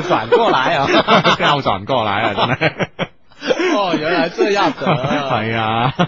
轉 <laughs> 過來啊，調轉過來啊，哦，原來真係入咗，係 <laughs> 啊、 <laughs>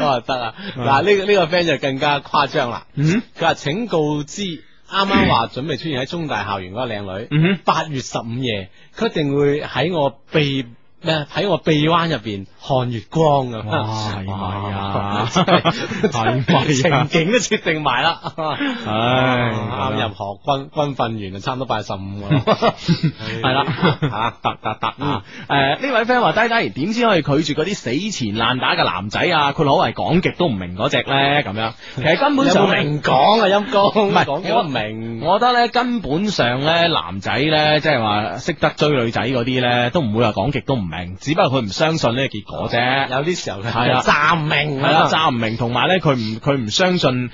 哦，得啊，嗱呢、 <laughs> 呢個呢、呢個 friend 就更加誇張啦，嗯、mm，佢、hmm. 話請告知，啱啱話準備出現喺中大校園嗰個靚女，八、mm hmm. 月十五夜，佢一定會喺我被。咩喺我臂彎入邊看月光啊！係咪啊？係咪情景都設定埋啦？唉，啱入學軍，軍訓完就差唔多八十五個。係啦，吓，得得得！啊！誒，呢位 friend 話低低，點先可以拒絕嗰啲死纏爛打嘅男仔啊？佢攞嚟講極都唔明嗰隻咧咁樣。其實根本就明講啊，陰公唔係講極都唔明。我覺得咧，根本上咧，男仔咧，即係話識得追女仔嗰啲咧，都唔會話講極都唔。明，只不過佢唔相信呢個結果啫、嗯。有啲時候佢係啊，詐唔明，係啦，詐唔明。同埋咧，佢唔佢唔相信誒呢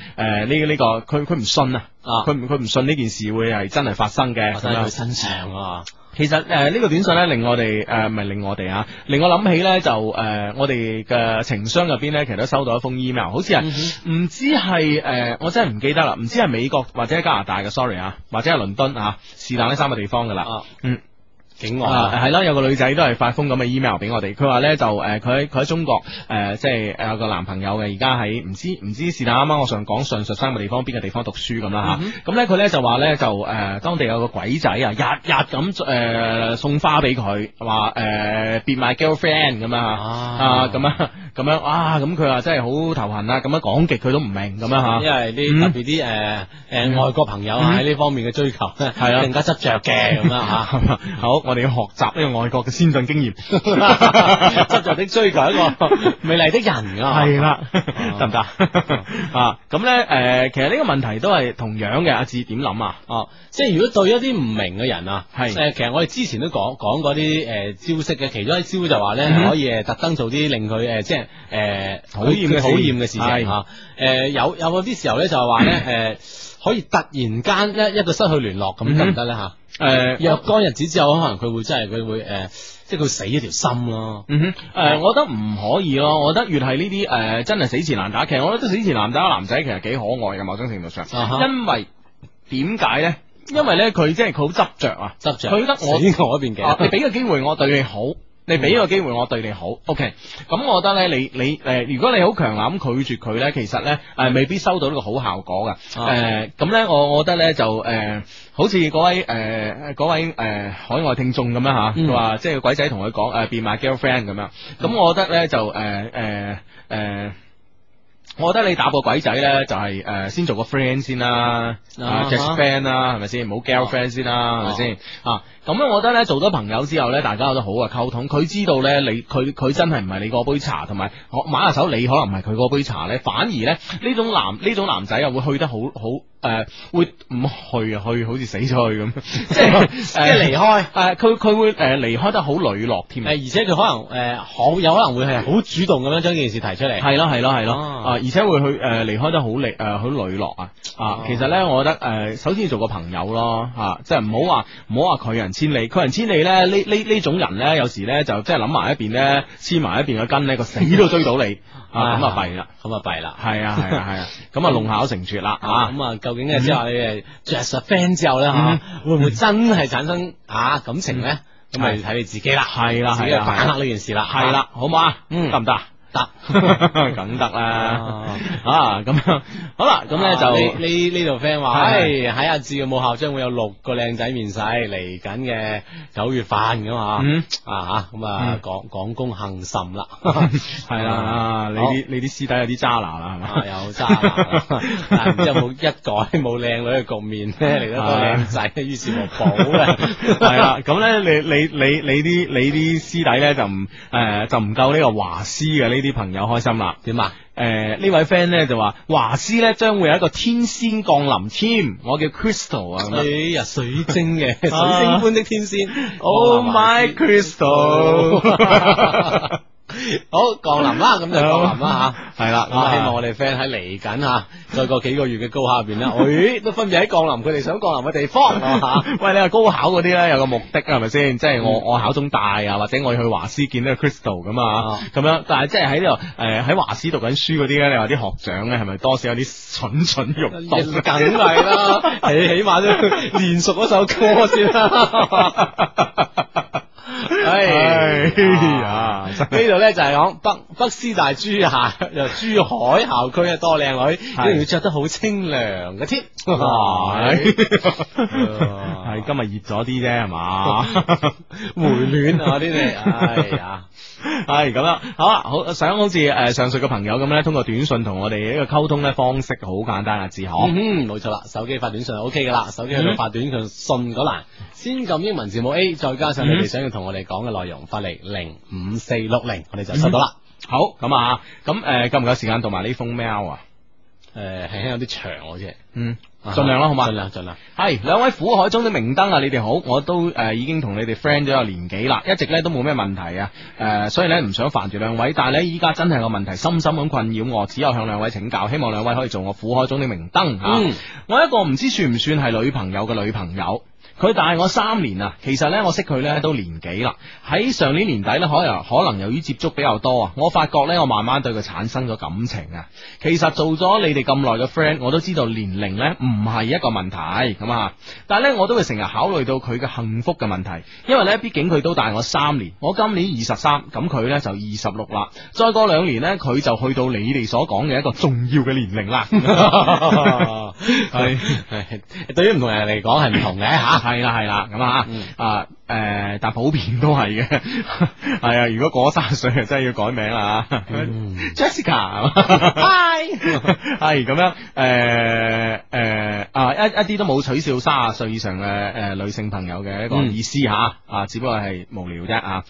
呢個，佢佢唔信啊，佢佢唔信呢件事會係真係發生嘅。發生喺佢身上啊。了啊其實誒呢、呃這個短信咧令我哋誒唔係令我哋啊，令我諗起咧就誒、呃、我哋嘅情商入邊咧，其實都收到一封 email，好似係唔知係誒、呃、我真係唔記得啦，唔知係美國或者加拿大嘅，sorry 啊，或者係倫敦啊，是但呢三個地方噶啦。啊、嗯。啊，係啦，有個女仔都係發封咁嘅 email 俾我哋，佢話呢，就誒，佢佢喺中國誒、呃，即係有個男朋友嘅，而家喺唔知唔知是但啱啱我上講上述三個地方，邊個地方讀書咁啦吓，咁咧佢呢就話呢，就誒、呃，當地有個鬼仔天天、呃呃、啊，日日咁誒送花俾佢，話誒別 my girlfriend 咁啊啊咁啊。啊咁樣啊，咁佢話真係好頭痕啊。咁樣講極佢都唔明咁樣吓，因為啲特別啲誒誒外國朋友喺呢方面嘅追求係、嗯、 <laughs> 啊，更加執着嘅咁樣吓。 <laughs> 好，我哋要學習呢個外國嘅先進經驗，執 <laughs> 着 <laughs> 的追求一個美麗的人啊，係啦 <laughs> 的，得唔得啊？咁咧誒，其實呢個問題都係同樣嘅，阿志點諗啊？哦，即係如果對一啲唔明嘅人啊，係誒，其實我哋之前都講講嗰啲誒招式嘅，其中一招，中一招就話咧可以誒特登做啲令佢誒即係。誒，討厭嘅，討厭嘅事情吓，誒有有嗰啲時候咧就係話咧，誒可以突然間一一個失去聯絡咁得唔得咧吓？誒，若干日子之後，可能佢會真係佢會誒，即係佢死一條心咯。嗯哼，誒，我覺得唔可以咯，我覺得越係呢啲誒真係死纏爛打，其實我覺得死纏爛打嘅男仔其實幾可愛嘅，某種程度上，因為點解咧？因為咧佢即係佢好執着啊，執着。佢得我，我邊嘅，你俾個機會我對你好，你俾個機會我對你好，OK？咁我覺得咧，你你誒、呃，如果你好強硬拒絕佢咧，其實咧誒、呃，未必收到呢個好效果嘅。誒咁咧，我我覺得咧就誒、呃，好似嗰位誒、呃、位誒、呃、海外聽眾咁樣嚇，話即係鬼仔同佢講誒變埋、呃、girlfriend 咁樣。咁、嗯、我覺得咧就誒誒誒。呃呃呃我覺得你打個鬼仔呢，就係、是、誒、呃、先做個 friend 先啦 just friend 啦，係咪先？唔好 girlfriend 先啦，係咪先？啊，咁樣我覺得呢，做咗朋友之後呢，大家有都好嘅、啊、溝通，佢知道呢，你佢佢真係唔係你嗰杯茶，同埋我抹下手，你可能唔係佢嗰杯茶呢。反而呢呢種男呢種男仔啊，會去得好好。誒會唔去啊？Bah，去，去好似死咗去咁，即係即係離開誒，佢佢會誒離開得好磊落添誒，而且佢可能誒好、呃 <laughs> 啊、有可能會係好主動咁樣將件事提出嚟，係咯係咯係咯啊！而且會去誒、呃、離開得好力好磊落啊！啊，其實咧，我覺得誒、啊，首先做個朋友咯嚇、啊，即係唔好話唔好話拒人千里，拒人千里咧呢呢呢種人咧，有時咧就即係諗埋一邊咧黐埋一邊嘅筋咧，個 <laughs> 死都追到你 <laughs> 啊！咁啊弊啦，咁啊弊啦，係啊係啊係啊！咁 <laughs> 啊弄巧成拙啦嚇，咁啊究竟你係話你係着實 friend 之後咧，吓， <noise> 會唔會真係產生啊感情咧？咁咪睇你自己啦，係啦，自己去把握呢件事啦，係啦，好唔好啊？嗯，得唔得？得梗得啦，啊，咁好啦，咁咧就呢呢度 friend 話喺喺阿志嘅母校將會有六個靚仔面世，嚟緊嘅九月份，咁，啊，啊咁啊廣廣工幸甚啦，係啦，啊你你啲師弟有啲渣男啦，係嘛？有渣男即係冇一改冇靚女嘅局面咧，嚟咗個靚仔於是無補嘅係啦，咁咧你你你你啲你啲師弟咧就唔誒就唔夠呢個華師嘅呢。啲朋友開心啦，點啊？誒呢位 friend 咧就話華師咧將會有一個天仙降臨添，我叫 Crystal 啊，水啊水晶嘅水晶般的天仙，Oh my Crystal！好降臨啦，咁就降臨啦吓，係啦，咁希望我哋 friend 喺嚟緊吓，再過幾個月嘅高考入邊咧，誒，都分別喺降臨佢哋想降臨嘅地方吓，啊。啊、 <laughs> 喂，你話高考嗰啲咧有個目的啊，係咪先？即係我我考中大啊，或者我要去華師見呢個 Crystal 咁啊，咁樣，嗯。但係即係喺呢度誒，喺華師讀緊書嗰啲咧，你話啲學長咧，係咪多少有啲蠢蠢欲動？梗係啦，係 <laughs> 起碼都要練熟嗰首歌先啦。係，呢度咧就係講北北師大珠海珠海校區啊，多靚女，跟要着得好清涼嘅添，係今日熱咗啲啫，係嘛，回暖啊啲你，哎呀，係咁啦。好，好想好似誒上述嘅朋友咁咧，通過短信同我哋呢個溝通咧方式好簡單啊，只可，冇錯啦，手機發短信就 OK 噶啦，手機喺度發短信信嗰欄，先撳英文字母 A，再加上你哋想要同我哋講。講嘅內容發嚟零五四六零，我哋就收到啦、嗯。好咁咁誒，夠唔夠時間讀埋呢封 mail 啊？誒，係、呃呃、有啲長嘅啫。嗯，盡量咯、啊，好嘛？盡量盡量。係兩位苦海中的明燈啊！你哋好，我都誒、呃、已經同你哋 friend 咗有年幾啦，一直咧都冇咩問題啊。誒、呃，所以咧唔想煩住兩位，但係咧依家真係個問題深深咁困擾我，只有向兩位請教，希望兩位可以做我苦海中的明燈。啊、嗯，我一個唔知算唔算係女朋友嘅女朋友。佢大我三年啊，其實咧我識佢咧都年幾啦。喺上年年底咧，可能可能由於接觸比較多啊，我發覺咧我慢慢對佢產生咗感情啊。其實做咗你哋咁耐嘅 friend，我都知道年齡咧唔係一個問題咁啊。但係咧我都會成日考慮到佢嘅幸福嘅問題，因為咧畢竟佢都大我三年。我今年二十三，咁佢咧就二十六啦。再過兩年咧，佢就去到你哋所講嘅一個重要嘅年齡啦。係，對於唔同人嚟講係唔同嘅吓。 <coughs> 係啦，係啦，咁啊，啊，誒、呃，但普遍都係嘅，係 <laughs> 啊，如果過三十歲，真係要改名啦、啊嗯、，Jessica，係，係咁樣，誒、啊，誒、啊啊，一，一啲都冇取笑三十歲以上嘅，誒、呃，女性朋友嘅一個意思吓，嗯、啊，只不過係無聊啫啊。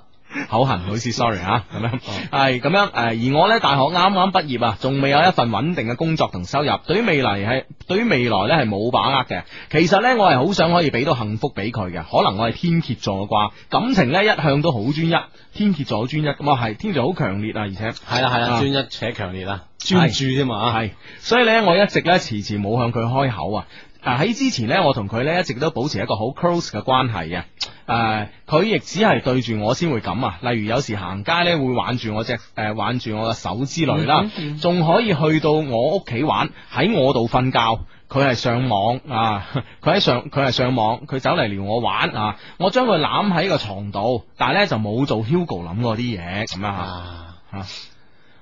<laughs> <laughs> 口痕，女士，sorry 吓、 <laughs> 啊，咁樣係咁樣誒，而我呢大學啱啱畢業啊，仲未有一份穩定嘅工作同收入，對於未來係，對於未來呢係冇把握嘅。其實呢，我係好想可以俾到幸福俾佢嘅，可能我係天蠍座嘅啩，感情呢一向都好專一，天蠍座好專一咁啊，係天蠍座好強烈啊，而且係啦係啦，專、啊啊、一且強烈啊，專是注啫嘛、啊，係，所以呢，我一直呢，遲遲冇向佢開口啊。啊，喺之前呢，我同佢呢一直都保持一個好 close 嘅關係嘅、啊。誒、啊，佢亦只係對住我先會咁啊。例如有時行街呢，會挽住我隻誒，挽住我嘅手之類啦，仲、嗯嗯嗯、可以去到我屋企玩，喺我度瞓覺。佢係上網啊，佢喺上佢係上網，佢、啊、走嚟撩我玩啊。我將佢攬喺個床度，但係呢就冇做 Hugo 諗嗰啲嘢咁樣吓。啊啊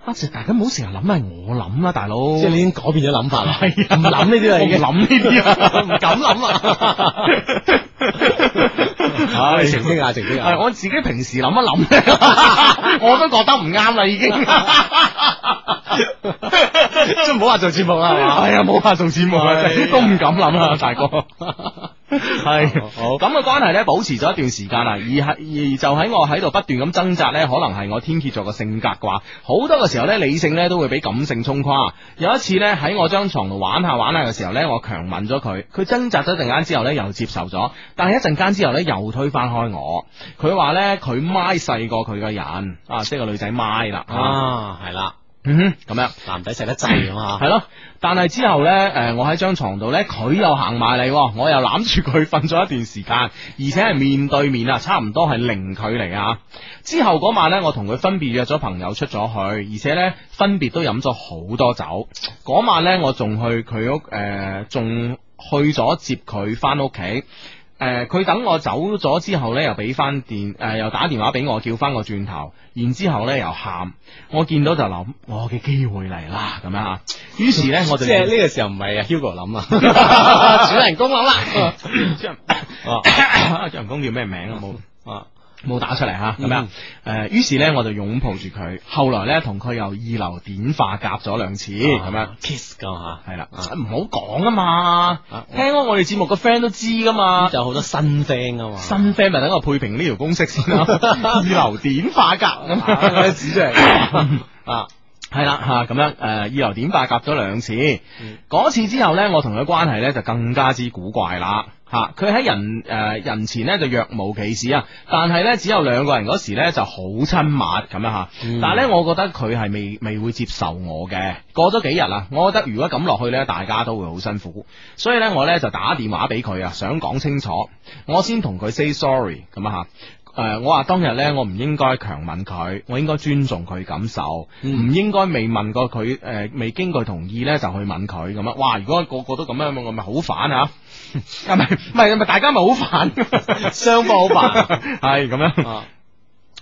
阿大家唔好成日諗係我諗啦，大佬，即係 <noise> 你已經改變咗諗法啦，唔諗呢啲啦，已經唔諗呢啲啦，唔 <laughs> <laughs> 敢諗啦、啊。澄 <laughs> 清 <laughs> 下，澄清下，係我自己平時諗一諗， <laughs> 我都覺得唔啱啦，已經。即係唔好話做節目、， <laughs> 哎、目啊，係啊，唔話做節目啊，都唔敢諗啦、啊，大哥，哥。係咁嘅關係咧，保持咗一段時間啦，而係而就喺我喺度不斷咁掙扎呢，可能係我天蠍座嘅性格啩，好多嘅時候呢，理性呢都會俾感性沖垮。有一次呢，喺我張床度玩下玩下嘅時候呢，我強吻咗佢，佢掙扎咗一陣間之後呢，又接受咗，但係一陣間之後呢，又推翻開我，佢話呢，佢咪細過佢嘅人啊，即係個女仔咪啦，啊係啦。嗯哼，咁樣男仔食得滯咁啊，係 <coughs> 咯。但係之後呢，誒、呃，我喺張床度呢，佢又行埋嚟，我又攬住佢瞓咗一段時間，而且係面對面啊，差唔多係零距離啊。之後嗰晚呢，我同佢分別約咗朋友出咗去，而且呢，分別都飲咗好多酒。嗰晚呢，我仲去佢屋，誒、呃，仲去咗接佢返屋企。誒，佢、呃、等我走咗之後咧，又俾翻電，誒、呃，又打電話俾我，叫翻我轉頭，然之後咧又喊，我見到就諗，我嘅機會嚟啦，咁樣啊，於是咧我就即係呢、呢個時候唔係啊 Hugo 諗啊，主 <laughs> <laughs> 人公諗啦，主 <laughs> <laughs> 人公 <coughs> <coughs> 叫咩名啊冇啊？冇打出嚟吓，咁樣誒，於是咧我就擁抱住佢，後來咧同佢又二流碘化鈉咗兩次，咁樣 kiss 噶嚇，係啦，唔好講啊嘛，聽我哋節目個 friend 都知噶嘛，就有好多新 friend 噶嘛，新 friend 咪等我配平呢條公式先咯，二流碘化鈉啊嘛，嗰啲字出嚟啊，係啦嚇，咁樣誒，二流碘化鈉咗兩次，嗰次之後咧，我同佢關係咧就更加之古怪啦。吓，佢喺人誒、呃、人前咧就若無其事啊，但係咧只有兩個人嗰時，咧就好親密咁樣吓。但係咧我覺得佢係未未會接受我嘅。過咗幾日啦，我覺得如果咁落去咧，大家都會好辛苦，所以咧我咧就打電話俾佢啊，想講清楚，我先同佢 say sorry 咁啊吓。誒、呃，我話當日呢，我唔應該強吻佢，我應該尊重佢感受，唔、嗯、應該未問過佢，誒、呃，未經過同意呢就去吻佢咁樣！哇，如果個個都咁樣，我咪好煩啊！係 <laughs> 咪？大家咪好煩，雙 <laughs> 方好煩，係咁 <laughs> <laughs> 樣。啊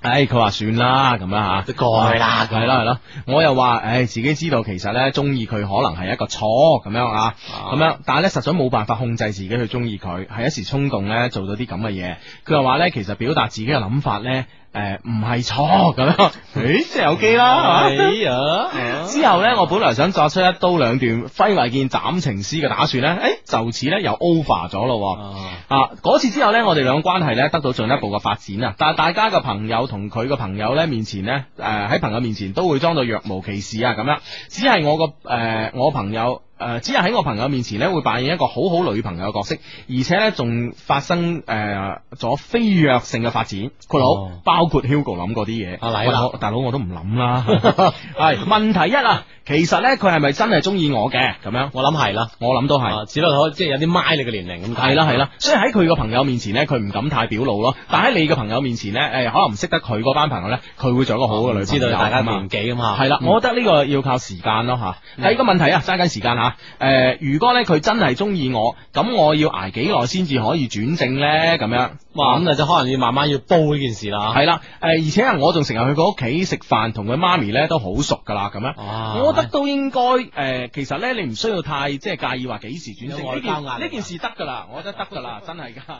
唉，佢話、哎、算啦，咁樣吓，都過去啦，係咯係咯。我又話，唉、哎，自己知道其實呢，中意佢可能係一個錯，咁樣啊，咁樣。但係咧，實在冇辦法控制自己去中意佢，係一時衝動呢，做到啲咁嘅嘢。佢又話呢，其實表達自己嘅諗法呢。誒，唔係錯咁咯，誒，即係有機啦，係、欸、咪？欸、之後呢，我本來想作出一刀兩斷、揮慧劍斬情絲嘅打算咧，誒，就此呢，又 over 咗咯，啊，嗰次之後呢，我哋兩個關係呢，得到進一步嘅發展啊，但係大家嘅朋友同佢嘅朋友呢，面前呢，誒、呃，喺朋友面前都會裝到若無其事啊，咁樣，只係我個誒、呃，我朋友。誒，只係喺我朋友面前咧，會扮演一個好好女朋友嘅角色，而且咧仲發生誒咗飛躍性嘅發展，闊佬、哦、包括 Hugo 諗過啲嘢，我大佬我都唔諗啦，係問題一啊。其實咧，佢係咪真係中意我嘅？咁樣，我諗係啦，我諗都係，只不過即係有啲邁你嘅年齡咁。係啦，係啦。所以喺佢嘅朋友面前咧，佢唔敢太表露咯。但喺你嘅朋友面前咧，誒，可能唔識得佢嗰班朋友咧，佢會做一個好嘅女仔。知道大家年紀啊嘛，係啦。我覺得呢個要靠時間咯吓。睇個問題啊，揸緊時間吓。誒，如果咧佢真係中意我，咁我要捱幾耐先至可以轉正咧？咁樣。哇，咁就可能要慢慢要煲呢件事啦。係啦，誒，而且啊，我仲成日去佢屋企食飯，同佢媽咪咧都好熟噶啦，咁樣。我。都應該誒，其實咧，你唔需要太即係介意話幾時轉正，呢件呢件事得噶啦，我覺得得噶啦， <laughs> 真係噶。